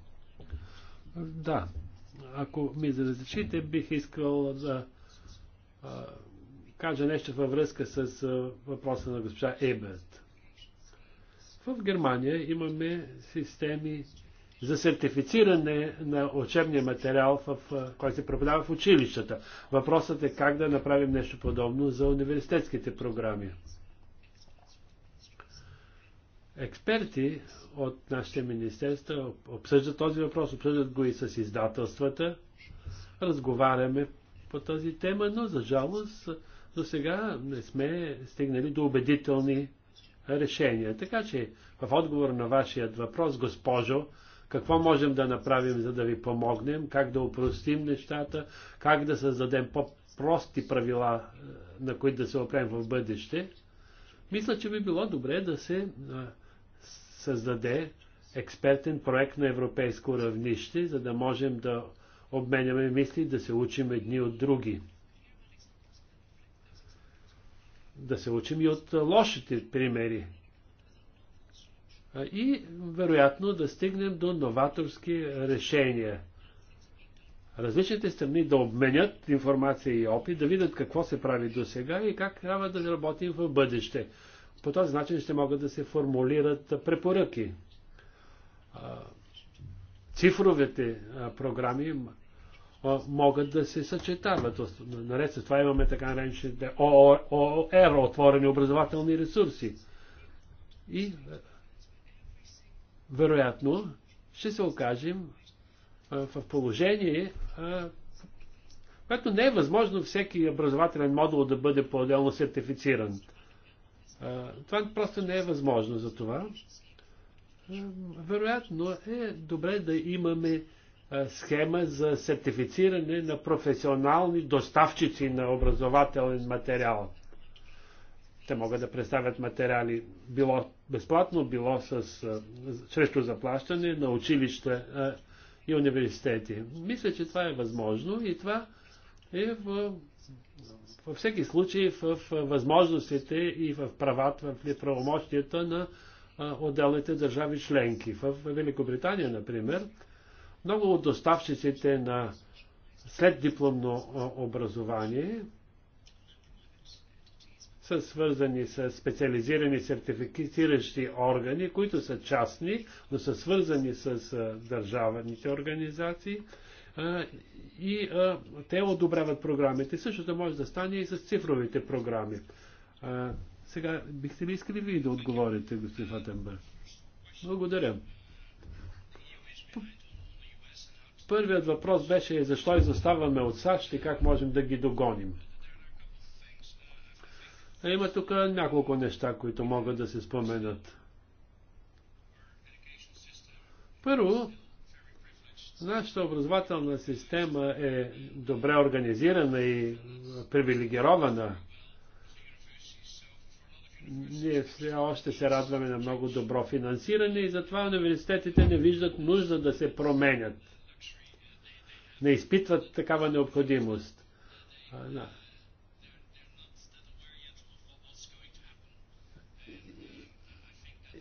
Да, ако ми разрешите, бих искал да а, кажа нещо във връзка с а, въпроса на госпожа Еберт. В Германия имаме системи за сертифициране на учебния материал, в, който се преподава в училищата. Въпросът е как да направим нещо подобно за университетските програми. Експерти от нашите министерства обсъждат този въпрос, обсъждат го и с издателствата. Разговаряме по тази тема, но за жалост до сега не сме стигнали до убедителни решения. Така че в отговор на вашият въпрос, госпожо, какво можем да направим, за да ви помогнем, как да упростим нещата, как да създадем по-прости правила, е, на които да се оправим в бъдеще. Мисля, че би било добре да се е, създаде експертен проект на европейско равнище, за да можем да обменяме мисли, да се учим едни от други. Да се учим и от е, лошите примери и вероятно да стигнем до новаторски решения. Различните страни да обменят информация и опит, да видят какво се прави до сега и как трябва да работим в бъдеще. По този начин ще могат да се формулират препоръки. Цифровите програми могат да се съчетават. Наред с това имаме така наречените ООР, отворени образователни ресурси. И вероятно ще се окажем в положение, което не е възможно всеки образователен модул да бъде по-отделно сертифициран. Това просто не е възможно за това. Вероятно е добре да имаме схема за сертифициране на професионални доставчици на образователен материал. Те могат да представят материали било безплатно, било с, срещу заплащане на училища и университети. Мисля, че това е възможно и това е в, във всеки случай в, в възможностите и в правата, в правомощията на отделните държави членки. В Великобритания, например, много от доставчиците на след дипломно образование са свързани с специализирани сертифициращи органи, които са частни, но са свързани с държавните организации и те одобряват програмите. Същото може да стане и с цифровите програми. Сега, бихте ли искали ви да отговорите, господин Фатенберг? Благодаря. Първият въпрос беше защо изоставаме от САЩ и как можем да ги догоним. А Има тук няколко неща, които могат да се споменат. Първо, нашата образователна система е добре организирана и привилегирована. Ние все още се радваме на много добро финансиране и затова университетите не виждат нужда да се променят. Не изпитват такава необходимост.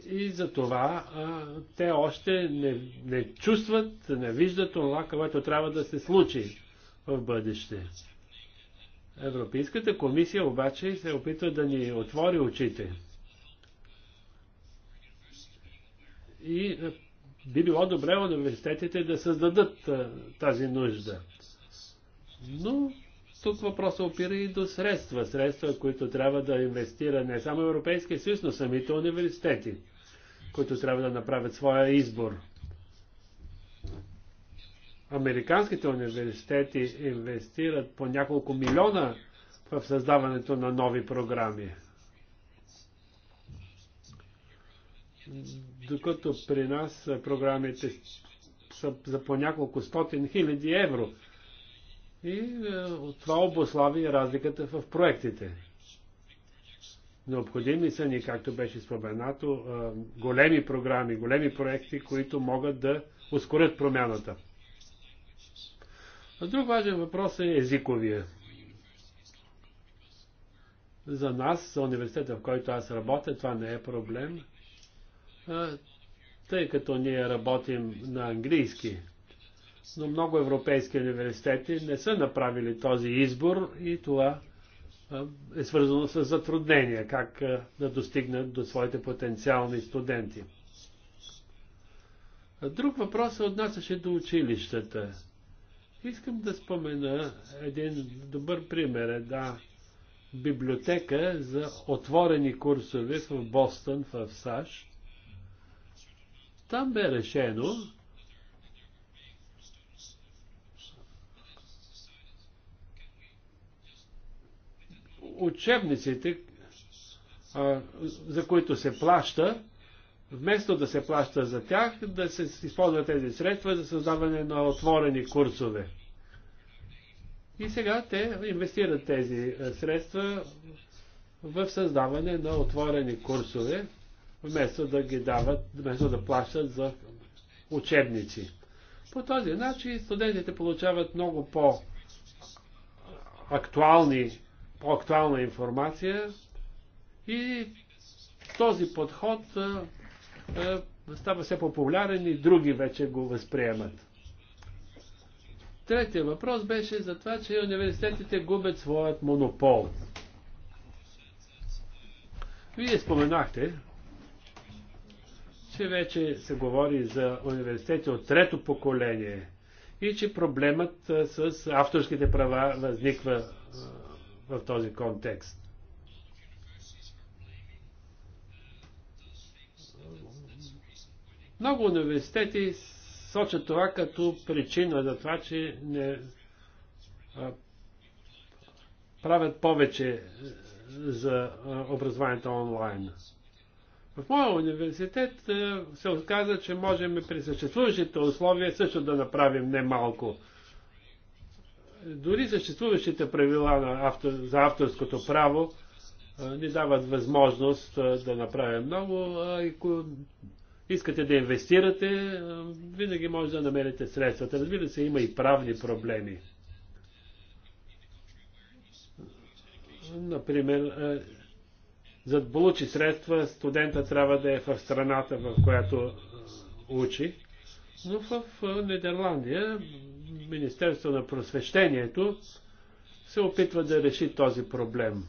и за това а, те още не, не чувстват, не виждат това, което трябва да се случи в бъдеще. Европейската комисия обаче се опитва да ни отвори очите. И би било добре университетите да създадат а, тази нужда. Но тук въпросът опира и до средства. Средства, които трябва да инвестира не само Европейския съюз, но самите университети, които трябва да направят своя избор. Американските университети инвестират по няколко милиона в създаването на нови програми. Докато при нас програмите са за по няколко стотин хиляди евро и е, от това обослави разликата в проектите. Необходими са ни, както беше споменато, е, големи програми, големи проекти, които могат да ускорят промяната. Друг важен въпрос е езиковия. За нас, за университета, в който аз работя, това не е проблем, е, тъй като ние работим на английски но много европейски университети не са направили този избор и това е свързано с затруднения, как да достигнат до своите потенциални студенти. Друг въпрос се отнасяше до училищата. Искам да спомена един добър пример. Една библиотека за отворени курсове в Бостон в САЩ. Там бе решено, учебниците, а, за които се плаща, вместо да се плаща за тях, да се използват тези средства за създаване на отворени курсове. И сега те инвестират тези средства в създаване на отворени курсове, вместо да ги дават, вместо да плащат за учебници. По този начин студентите получават много по-актуални по-актуална информация и този подход става все популярен и други вече го възприемат. Третия въпрос беше за това, че университетите губят своят монопол. Вие споменахте, че вече се говори за университети от трето поколение и че проблемът с авторските права възниква в този контекст. Много университети сочат това като причина за това, че не правят повече е, за образованието онлайн. В моя университет е, се отказа, че можем при съществуващите условия също да направим немалко дори съществуващите правила на автор, за авторското право ни дават възможност да направим много. Ако искате да инвестирате, винаги може да намерите средствата. Разбира се, има и правни проблеми. Например, за да получи средства, студента трябва да е в страната, в която учи. Но в Нидерландия Министерство на просвещението се опитва да реши този проблем.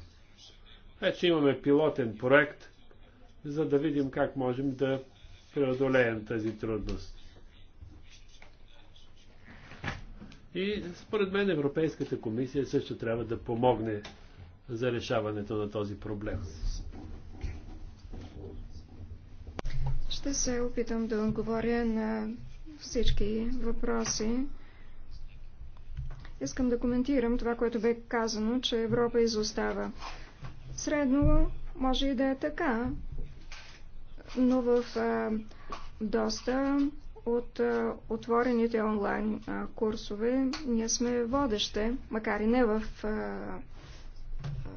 Вече имаме пилотен проект, за да видим как можем да преодолеем тази трудност. И според мен Европейската комисия също трябва да помогне за решаването на този проблем. Ще се опитам да отговоря на всички въпроси. Искам да коментирам това, което бе казано, че Европа изостава. Средно може и да е така, но в а, доста от а, отворените онлайн а, курсове ние сме водещи, макар и не в а,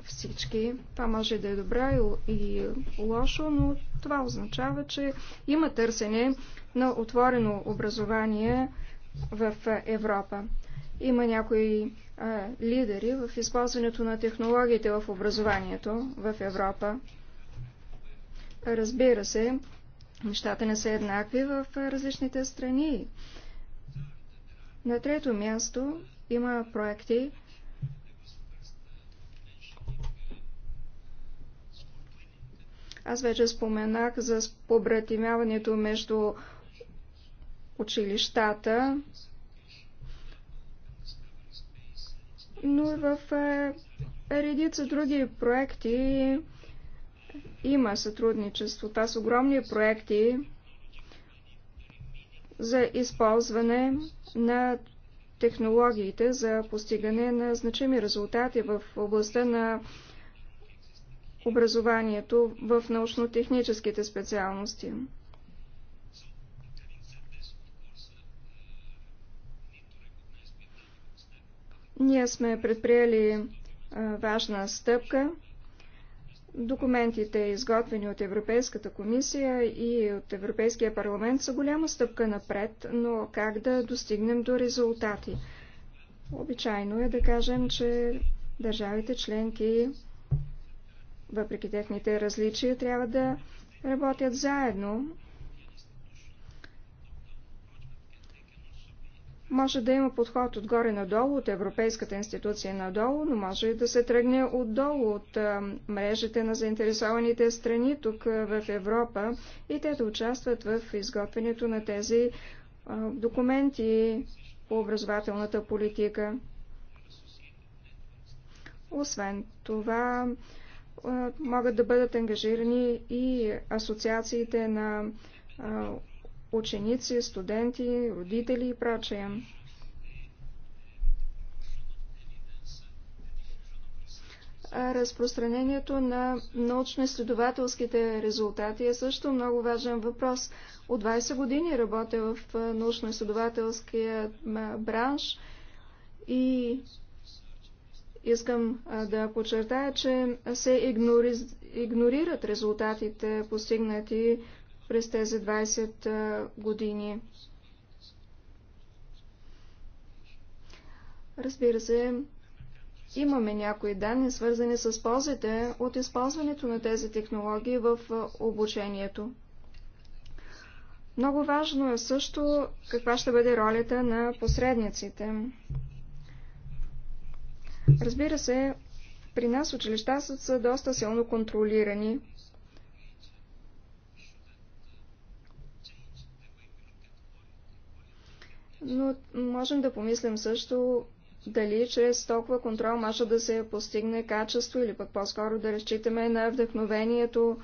всички. Това може да е добро и, и лошо, но това означава, че има търсене на отворено образование в Европа. Има някои а, лидери в използването на технологиите в образованието в Европа. Разбира се, нещата не са еднакви в различните страни. На трето място има проекти, Аз вече споменах за побратимяването между училищата, но в е, редица други проекти има сътрудничество. Това са огромни проекти за използване на технологиите за постигане на значими резултати в областта на образованието в научно-техническите специалности. Ние сме предприели важна стъпка. Документите, изготвени от Европейската комисия и от Европейския парламент, са голяма стъпка напред, но как да достигнем до резултати? Обичайно е да кажем, че държавите членки, въпреки техните различия, трябва да работят заедно Може да има подход отгоре надолу, от Европейската институция надолу, но може и да се тръгне отдолу, от мрежите на заинтересованите страни тук в Европа и те да участват в изготвянето на тези документи по образователната политика. Освен това, могат да бъдат ангажирани и асоциациите на ученици, студенти, родители и прочее. Разпространението на научно-изследователските резултати е също много важен въпрос. От 20 години работя в научно-изследователския бранш и искам да подчертая, че се игнорират резултатите, постигнати през тези 20 години. Разбира се, имаме някои данни, свързани с ползите от използването на тези технологии в обучението. Много важно е също каква ще бъде ролята на посредниците. Разбира се, при нас училищата са доста силно контролирани. но можем да помислим също дали чрез толкова контрол може да се постигне качество или пък по-скоро да разчитаме на вдъхновението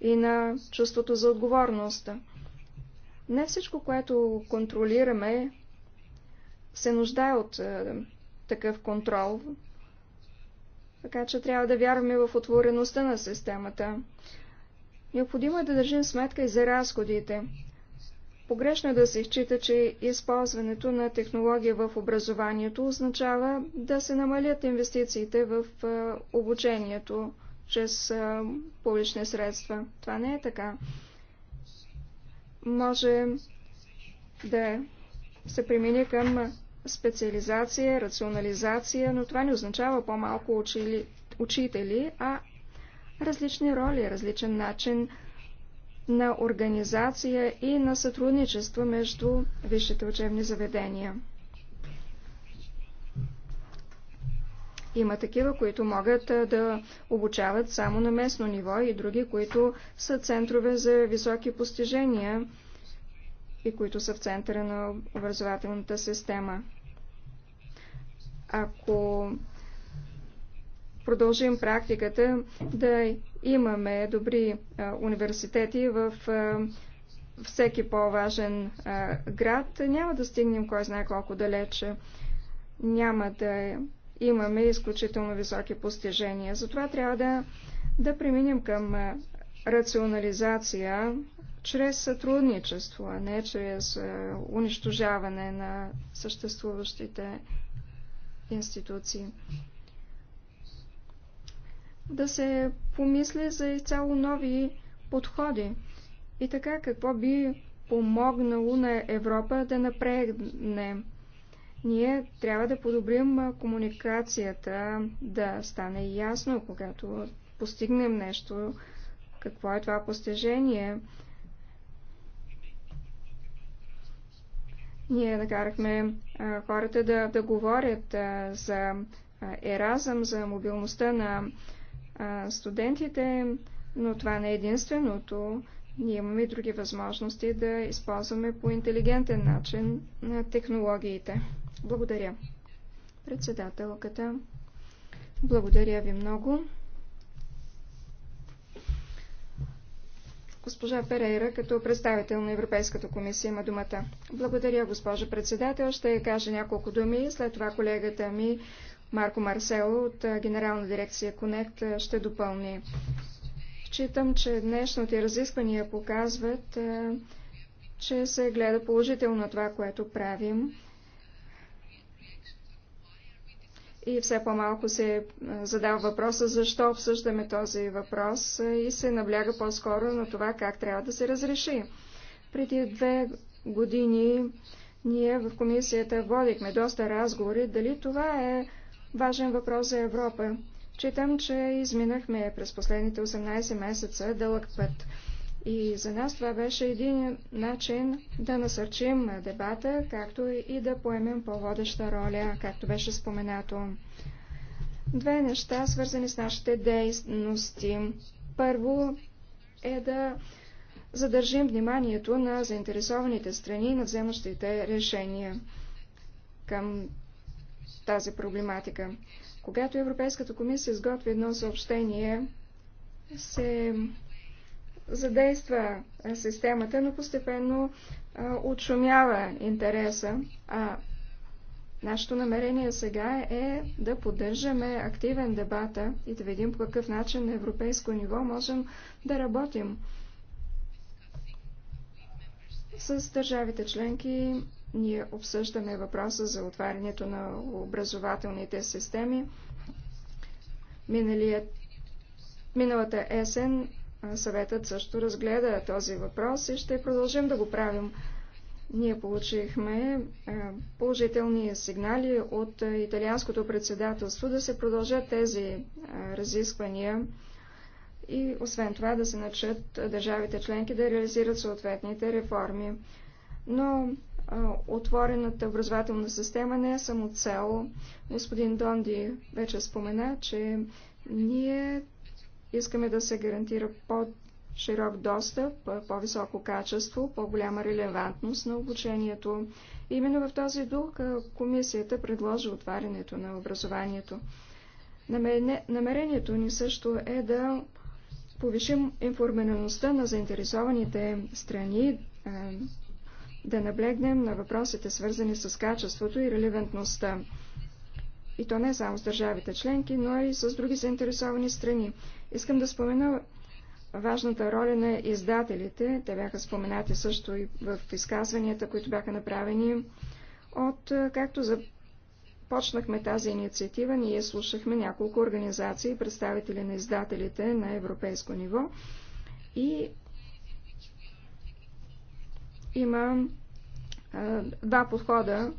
и на чувството за отговорност. Не всичко, което контролираме, се нуждае от е, такъв контрол, така че трябва да вярваме в отвореността на системата. Необходимо е да държим сметка и за разходите. Погрешно е да се счита, че използването на технология в образованието означава да се намалят инвестициите в обучението чрез публични средства. Това не е така. Може да се примени към специализация, рационализация, но това не означава по-малко учили, учители, а различни роли, различен начин на организация и на сътрудничество между висшите учебни заведения. Има такива, които могат да обучават само на местно ниво и други, които са центрове за високи постижения и които са в центъра на образователната система. Ако продължим практиката да Имаме добри университети в всеки по-важен град. Няма да стигнем кой знае колко далече. Няма да имаме изключително високи постижения. Затова трябва да, да преминем към рационализация чрез сътрудничество, а не чрез унищожаване на съществуващите институции да се помисли за изцяло нови подходи. И така, какво би помогнало на Европа да напрегне. Ние трябва да подобрим комуникацията, да стане ясно, когато постигнем нещо, какво е това постижение. Ние накарахме а, хората да, да говорят а, за а, еразъм, за мобилността на студентите, но това не е единственото. Ние имаме и други възможности да използваме по интелигентен начин на технологиите. Благодаря. Председателката, благодаря ви много. Госпожа Перейра, като представител на Европейската комисия, има думата. Благодаря, госпожа председател. Ще кажа няколко думи. След това колегата ми Марко Марсело от Генерална дирекция Конект ще допълни. Считам, че днешните разисквания показват, че се гледа положително на това, което правим. И все по-малко се задава въпроса, защо обсъждаме този въпрос и се набляга по-скоро на това, как трябва да се разреши. Преди две години ние в комисията водихме доста разговори, дали това е важен въпрос за Европа. Читам, че изминахме през последните 18 месеца дълъг път. И за нас това беше един начин да насърчим дебата, както и да поемем по-водеща роля, както беше споменато. Две неща, свързани с нашите дейности. Първо е да задържим вниманието на заинтересованите страни и на вземащите решения. Към тази проблематика. Когато Европейската комисия изготви едно съобщение, се задейства системата, но постепенно отшумява интереса. А нашето намерение сега е да поддържаме активен дебата и да видим по какъв начин на европейско ниво можем да работим с държавите членки ние обсъждаме въпроса за отварянето на образователните системи. Миналият, миналата есен съветът също разгледа този въпрос и ще продължим да го правим. Ние получихме положителни сигнали от италианското председателство да се продължат тези разисквания и освен това да се начат държавите членки да реализират съответните реформи. Но отворената образователна система не е само цел. Господин Донди вече спомена, че ние искаме да се гарантира по-широк достъп, по-високо качество, по-голяма релевантност на обучението. Именно в този дух комисията предложи отварянето на образованието. Намерението ни също е да повишим информираността на заинтересованите страни, да наблегнем на въпросите, свързани с качеството и релевантността. И то не само с държавите членки, но и с други заинтересовани страни. Искам да спомена важната роля на издателите. Те бяха споменати също и в изказванията, които бяха направени. От е, както започнахме тази инициатива, ние слушахме няколко организации, представители на издателите на европейско ниво и има два подхода,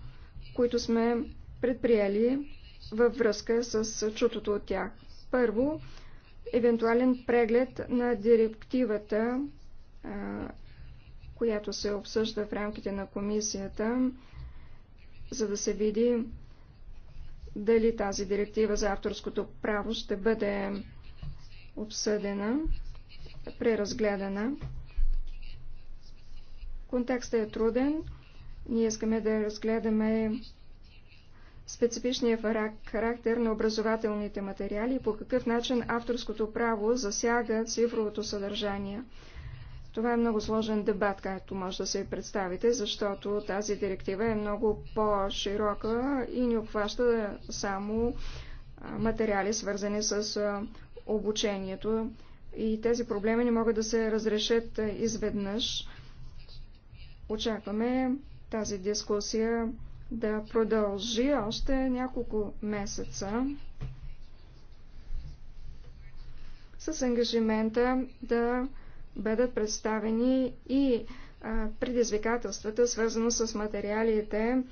които сме предприели във връзка с чутото от тях. Първо, евентуален преглед на директивата, която се обсъжда в рамките на комисията, за да се види дали тази директива за авторското право ще бъде обсъдена, преразгледана. Контекстът е труден. Ние искаме да разгледаме специфичния характер на образователните материали и по какъв начин авторското право засяга цифровото съдържание. Това е много сложен дебат, както може да се представите, защото тази директива е много по-широка и не обхваща само материали, свързани с обучението. И тези проблеми не могат да се разрешат изведнъж. Очакваме тази дискусия да продължи още няколко месеца с ангажимента да бъдат представени и предизвикателствата, свързано с материалите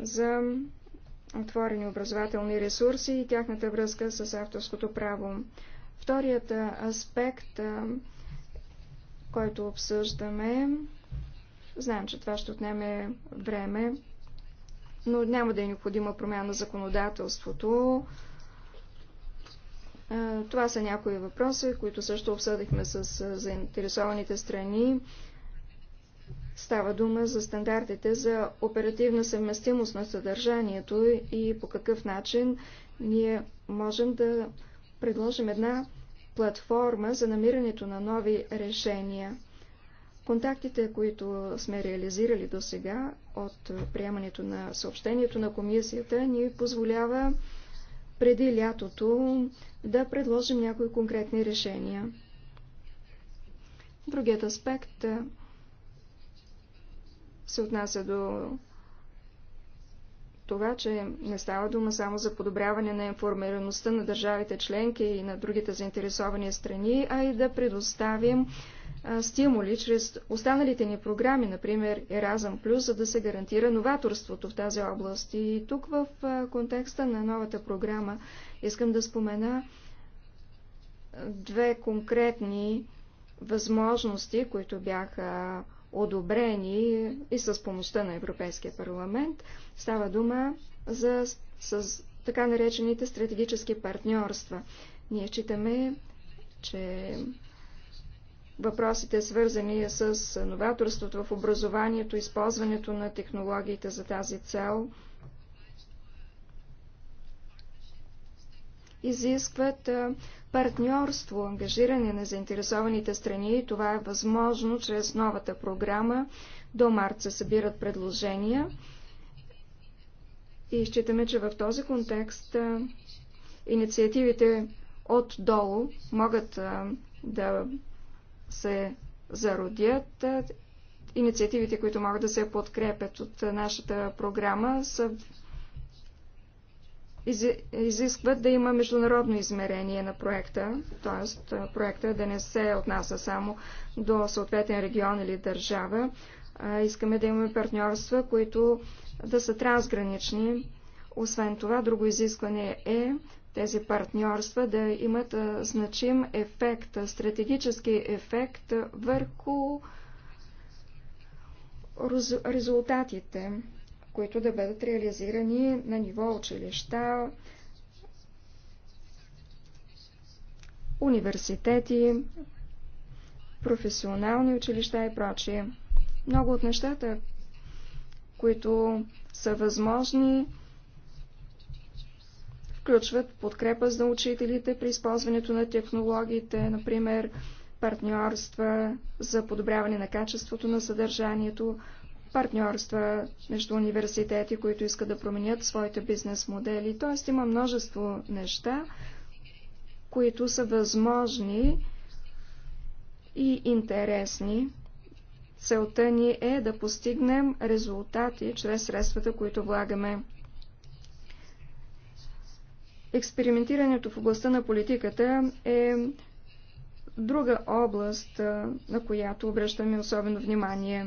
за отворени образователни ресурси и тяхната връзка с авторското право. Вторият аспект, който обсъждаме, Знаем, че това ще отнеме време, но няма да е необходима промяна на законодателството. Това са някои въпроси, които също обсъдихме с заинтересованите страни. Става дума за стандартите за оперативна съвместимост на съдържанието и по какъв начин ние можем да предложим една платформа за намирането на нови решения. Контактите, които сме реализирали до сега от приемането на съобщението на комисията, ни позволява преди лятото да предложим някои конкретни решения. Другият аспект се отнася до това, че не става дума само за подобряване на информираността на държавите членки и на другите заинтересовани страни, а и да предоставим стимули чрез останалите ни програми, например Еразъм Плюс, за да се гарантира новаторството в тази област. И тук в контекста на новата програма искам да спомена две конкретни възможности, които бяха одобрени и с помощта на Европейския парламент. Става дума за с, така наречените стратегически партньорства. Ние считаме, че въпросите, свързани с новаторството в образованието, използването на технологиите за тази цел, изискват партньорство, ангажиране на заинтересованите страни и това е възможно чрез новата програма. До март се събират предложения и считаме, че в този контекст инициативите отдолу могат да се зародят. Инициативите, които могат да се подкрепят от нашата програма, са изискват да има международно измерение на проекта, т.е. проекта да не се отнася само до съответен регион или държава. Искаме да имаме партньорства, които да са трансгранични. Освен това, друго изискване е тези партньорства да имат значим ефект, стратегически ефект върху резултатите, които да бъдат реализирани на ниво училища, университети, професионални училища и прочие. Много от нещата, които са възможни, включват подкрепа за учителите при използването на технологиите, например партньорства за подобряване на качеството на съдържанието, партньорства между университети, които искат да променят своите бизнес модели. Т.е. има множество неща, които са възможни и интересни. Целта ни е да постигнем резултати чрез средствата, които влагаме. Експериментирането в областта на политиката е друга област, на която обръщаме особено внимание.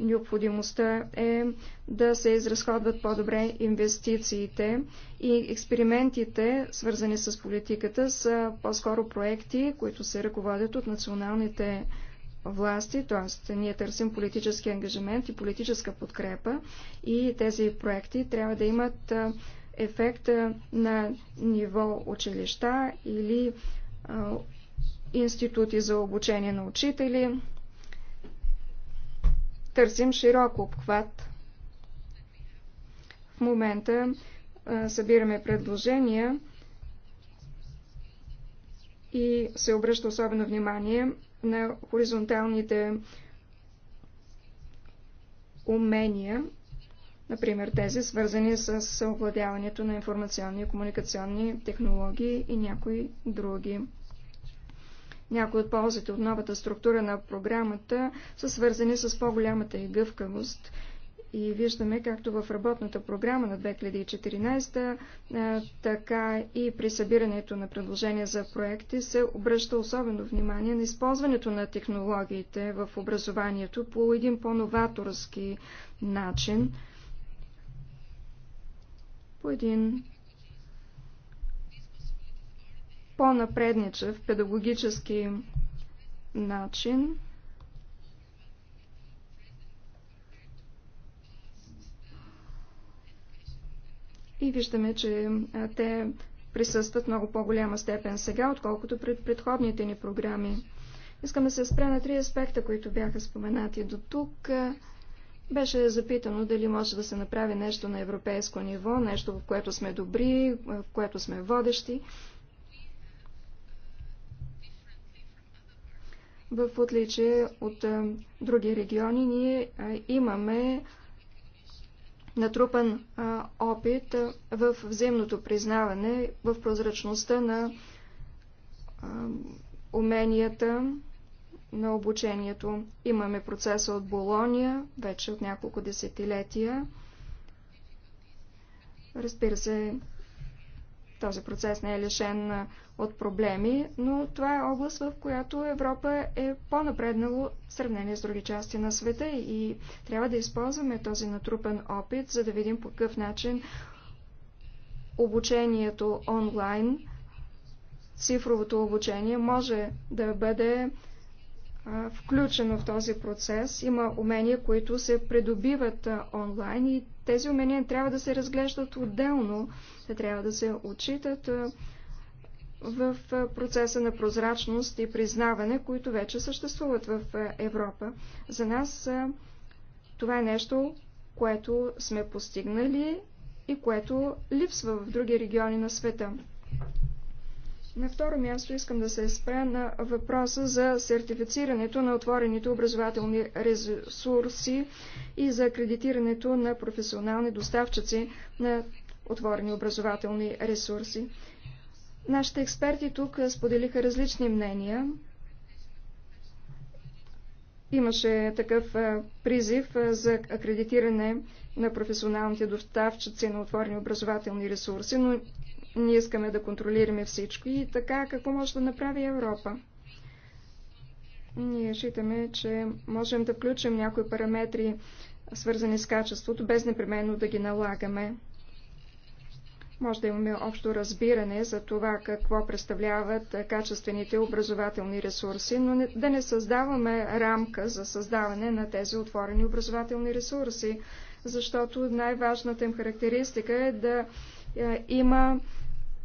Необходимостта е да се изразходват по-добре инвестициите и експериментите, свързани с политиката, са по-скоро проекти, които се ръководят от националните власти, т.е. ние търсим политически ангажимент и политическа подкрепа и тези проекти трябва да имат Ефекта на ниво училища или институти за обучение на учители. Търсим широк обхват. В момента събираме предложения и се обръща особено внимание на хоризонталните умения например тези свързани с овладяването на информационни и комуникационни технологии и някои други. Някои от ползите от новата структура на програмата са свързани с по-голямата и гъвкавост. И виждаме както в работната програма на 2014, така и при събирането на предложения за проекти се обръща особено внимание на използването на технологиите в образованието по един по-новаторски начин по един по-напредничев педагогически начин. И виждаме, че те присъстват много по-голяма степен сега, отколкото пред предходните ни програми. Искаме да се спре на три аспекта, които бяха споменати до тук. Беше запитано дали може да се направи нещо на европейско ниво, нещо в което сме добри, в което сме водещи. В отличие от други региони, ние имаме натрупан опит в взаимното признаване, в прозрачността на уменията, на обучението. Имаме процеса от Болония, вече от няколко десетилетия. Разбира се, този процес не е лишен от проблеми, но това е област, в която Европа е по-напреднало в сравнение с други части на света и трябва да използваме този натрупен опит, за да видим по какъв начин обучението онлайн, цифровото обучение може да бъде включено в този процес. Има умения, които се придобиват онлайн и тези умения трябва да се разглеждат отделно. Те трябва да се отчитат в процеса на прозрачност и признаване, които вече съществуват в Европа. За нас това е нещо, което сме постигнали и което липсва в други региони на света. На второ място искам да се спра на въпроса за сертифицирането на отворените образователни ресурси и за акредитирането на професионални доставчици на отворени образователни ресурси. Нашите експерти тук споделиха различни мнения. Имаше такъв призив за акредитиране на професионалните доставчици на отворени образователни ресурси, но ние искаме да контролираме всичко и така какво може да направи Европа. Ние считаме, че можем да включим някои параметри, свързани с качеството, без непременно да ги налагаме. Може да имаме общо разбиране за това какво представляват качествените образователни ресурси, но не, да не създаваме рамка за създаване на тези отворени образователни ресурси, защото най-важната им характеристика е да е, има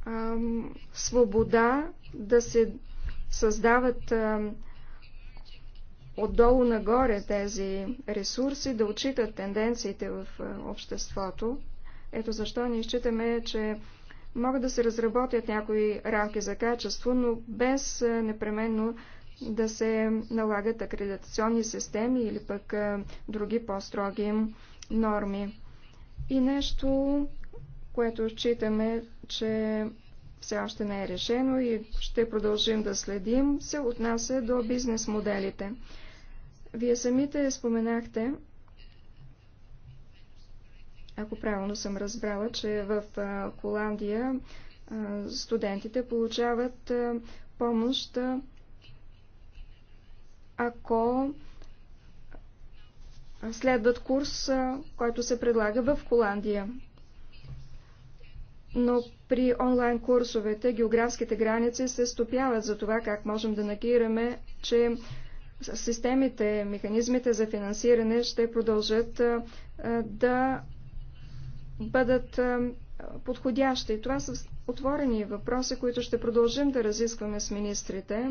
ам, свобода да се създават ам, отдолу нагоре тези ресурси, да отчитат тенденциите в обществото. Ето защо ние считаме, че могат да се разработят някои рамки за качество, но без непременно да се налагат акредитационни системи или пък други по-строги норми. И нещо което считаме, че все още не е решено и ще продължим да следим, се отнася до бизнес моделите. Вие самите споменахте, ако правилно съм разбрала, че в Холандия студентите получават помощ, ако следват курс, който се предлага в Холандия но при онлайн курсовете географските граници се стопяват за това как можем да накираме, че системите, механизмите за финансиране ще продължат да бъдат подходящи. Това са отворени въпроси, които ще продължим да разискваме с министрите,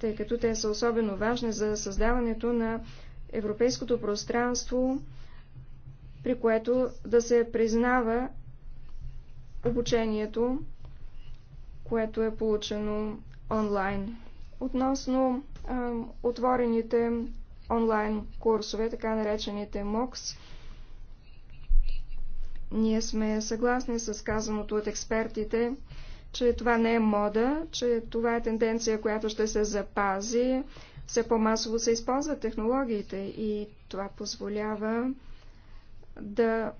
тъй като те са особено важни за създаването на европейското пространство, при което да се признава обучението, което е получено онлайн. Относно а, отворените онлайн курсове, така наречените МОКС, ние сме съгласни с казаното от експертите, че това не е мода, че това е тенденция, която ще се запази. Все по-масово се използват технологиите и това позволява да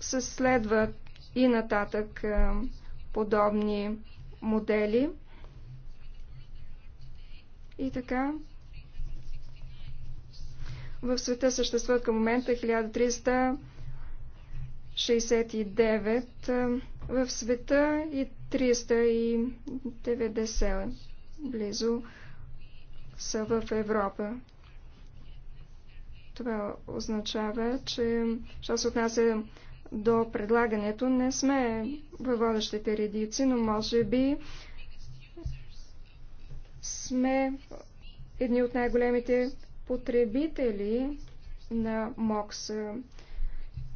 се следват и нататък е, подобни модели. И така, в света съществуват към момента 1369 е, в света и 390 е, близо са в Европа. Това означава, че, що се отнася до предлагането не сме във водещите редици, но може би сме едни от най-големите потребители на МОКС.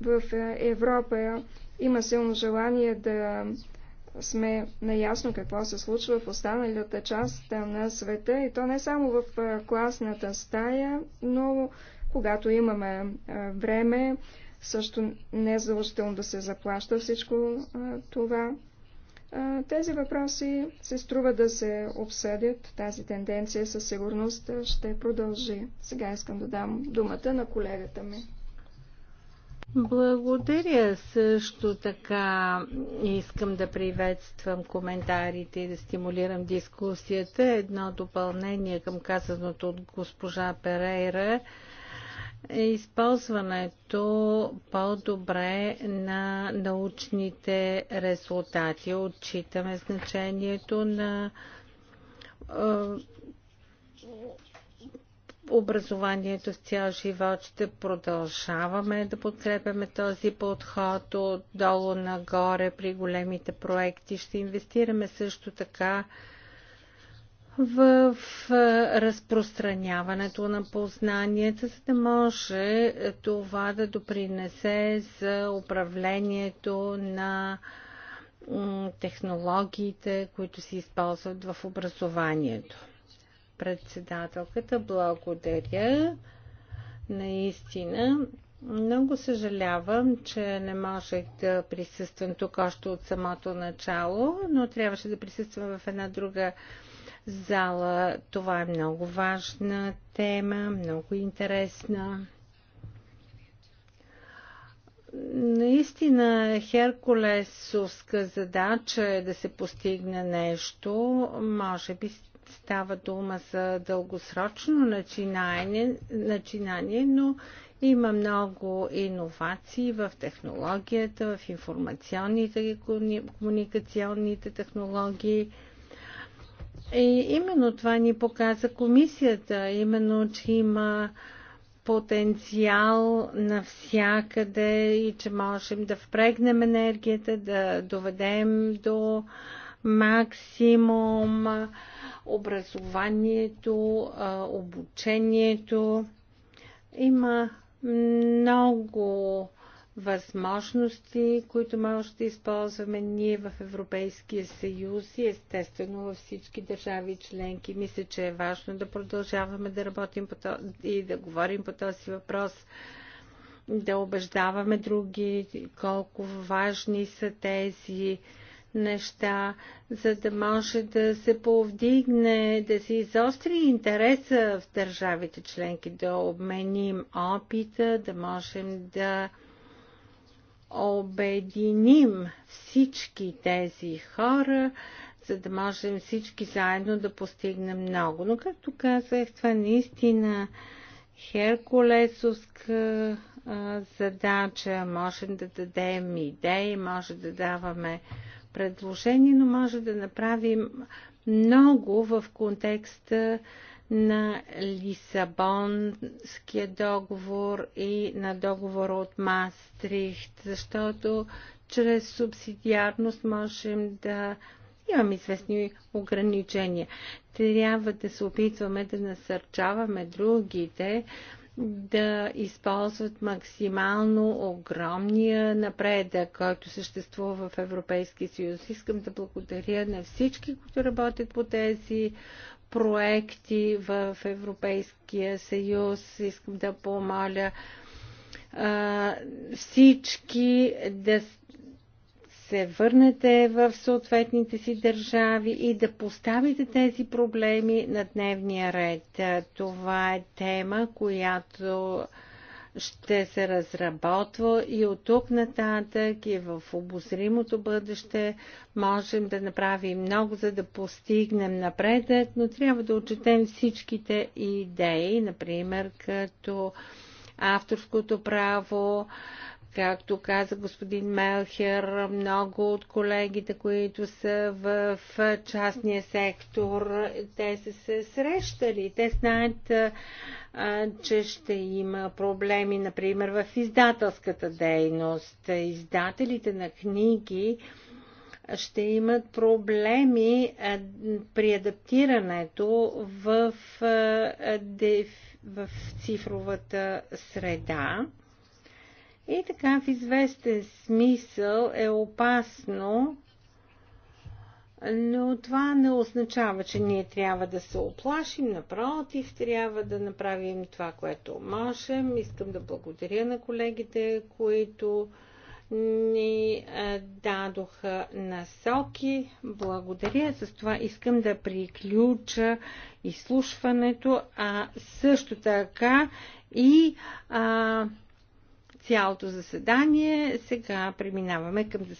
В Европа има силно желание да сме наясно какво се случва в останалата част на света и то не само в класната стая, но когато имаме време, също не е задължително да се заплаща всичко а, това. А, тези въпроси се струва да се обсъдят. Тази тенденция със сигурност ще продължи. Сега искам да дам думата на колегата ми. Благодаря също така. Искам да приветствам коментарите и да стимулирам дискусията. Едно допълнение към казаното от госпожа Перейра. Е използването по-добре на научните резултати. Отчитаме значението на е, образованието в цял живот. Ще продължаваме да подкрепяме този подход отдолу нагоре при големите проекти. Ще инвестираме също така в разпространяването на познанията, за да може това да допринесе за управлението на технологиите, които се използват в образованието. Председателката, благодаря. Наистина, много съжалявам, че не можех да присъствам тук още от самото начало, но трябваше да присъствам в една друга зала. Това е много важна тема, много интересна. Наистина Херкулесовска задача е да се постигне нещо. Може би става дума за дългосрочно начинание, начинание но има много иновации в технологията, в информационните и комуникационните технологии. И именно това ни показа комисията, именно, че има потенциал навсякъде и че можем да впрегнем енергията, да доведем до максимум образованието, обучението. Има много възможности, които може да използваме ние в Европейския съюз и естествено във всички държави членки. Мисля, че е важно да продължаваме да работим по то... и да говорим по този въпрос, да убеждаваме други колко важни са тези неща, за да може да се повдигне, да се изостри интереса в държавите членки, да обменим опита, да можем да обединим всички тези хора, за да можем всички заедно да постигнем много. Но, както казах, това е наистина херкулесовска задача. Можем да дадем идеи, може да даваме предложения, но може да направим много в контекста на Лисабонския договор и на договора от Мастрихт, защото чрез субсидиарност можем да имам известни ограничения. Трябва да се опитваме да насърчаваме другите да използват максимално огромния напредък, който съществува в Европейския съюз. Искам да благодаря на всички, които работят по тези проекти в Европейския съюз. Искам да помоля а, всички да се върнете в съответните си държави и да поставите тези проблеми на дневния ред. Това е тема, която ще се разработва и от тук нататък и в обозримото бъдеще можем да направим много, за да постигнем напредък, но трябва да отчетем всичките идеи, например като авторското право, Както каза господин Мелхер, много от колегите, които са в частния сектор, те са се срещали. Те знаят, че ще има проблеми, например, в издателската дейност. Издателите на книги ще имат проблеми при адаптирането в, в цифровата среда. И така в известен смисъл е опасно, но това не означава, че ние трябва да се оплашим. Напротив, трябва да направим това, което можем. Искам да благодаря на колегите, които ни е, дадоха насоки. Благодаря. С това искам да приключа изслушването, а също така и а, цялото заседание. Сега преминаваме към заседание.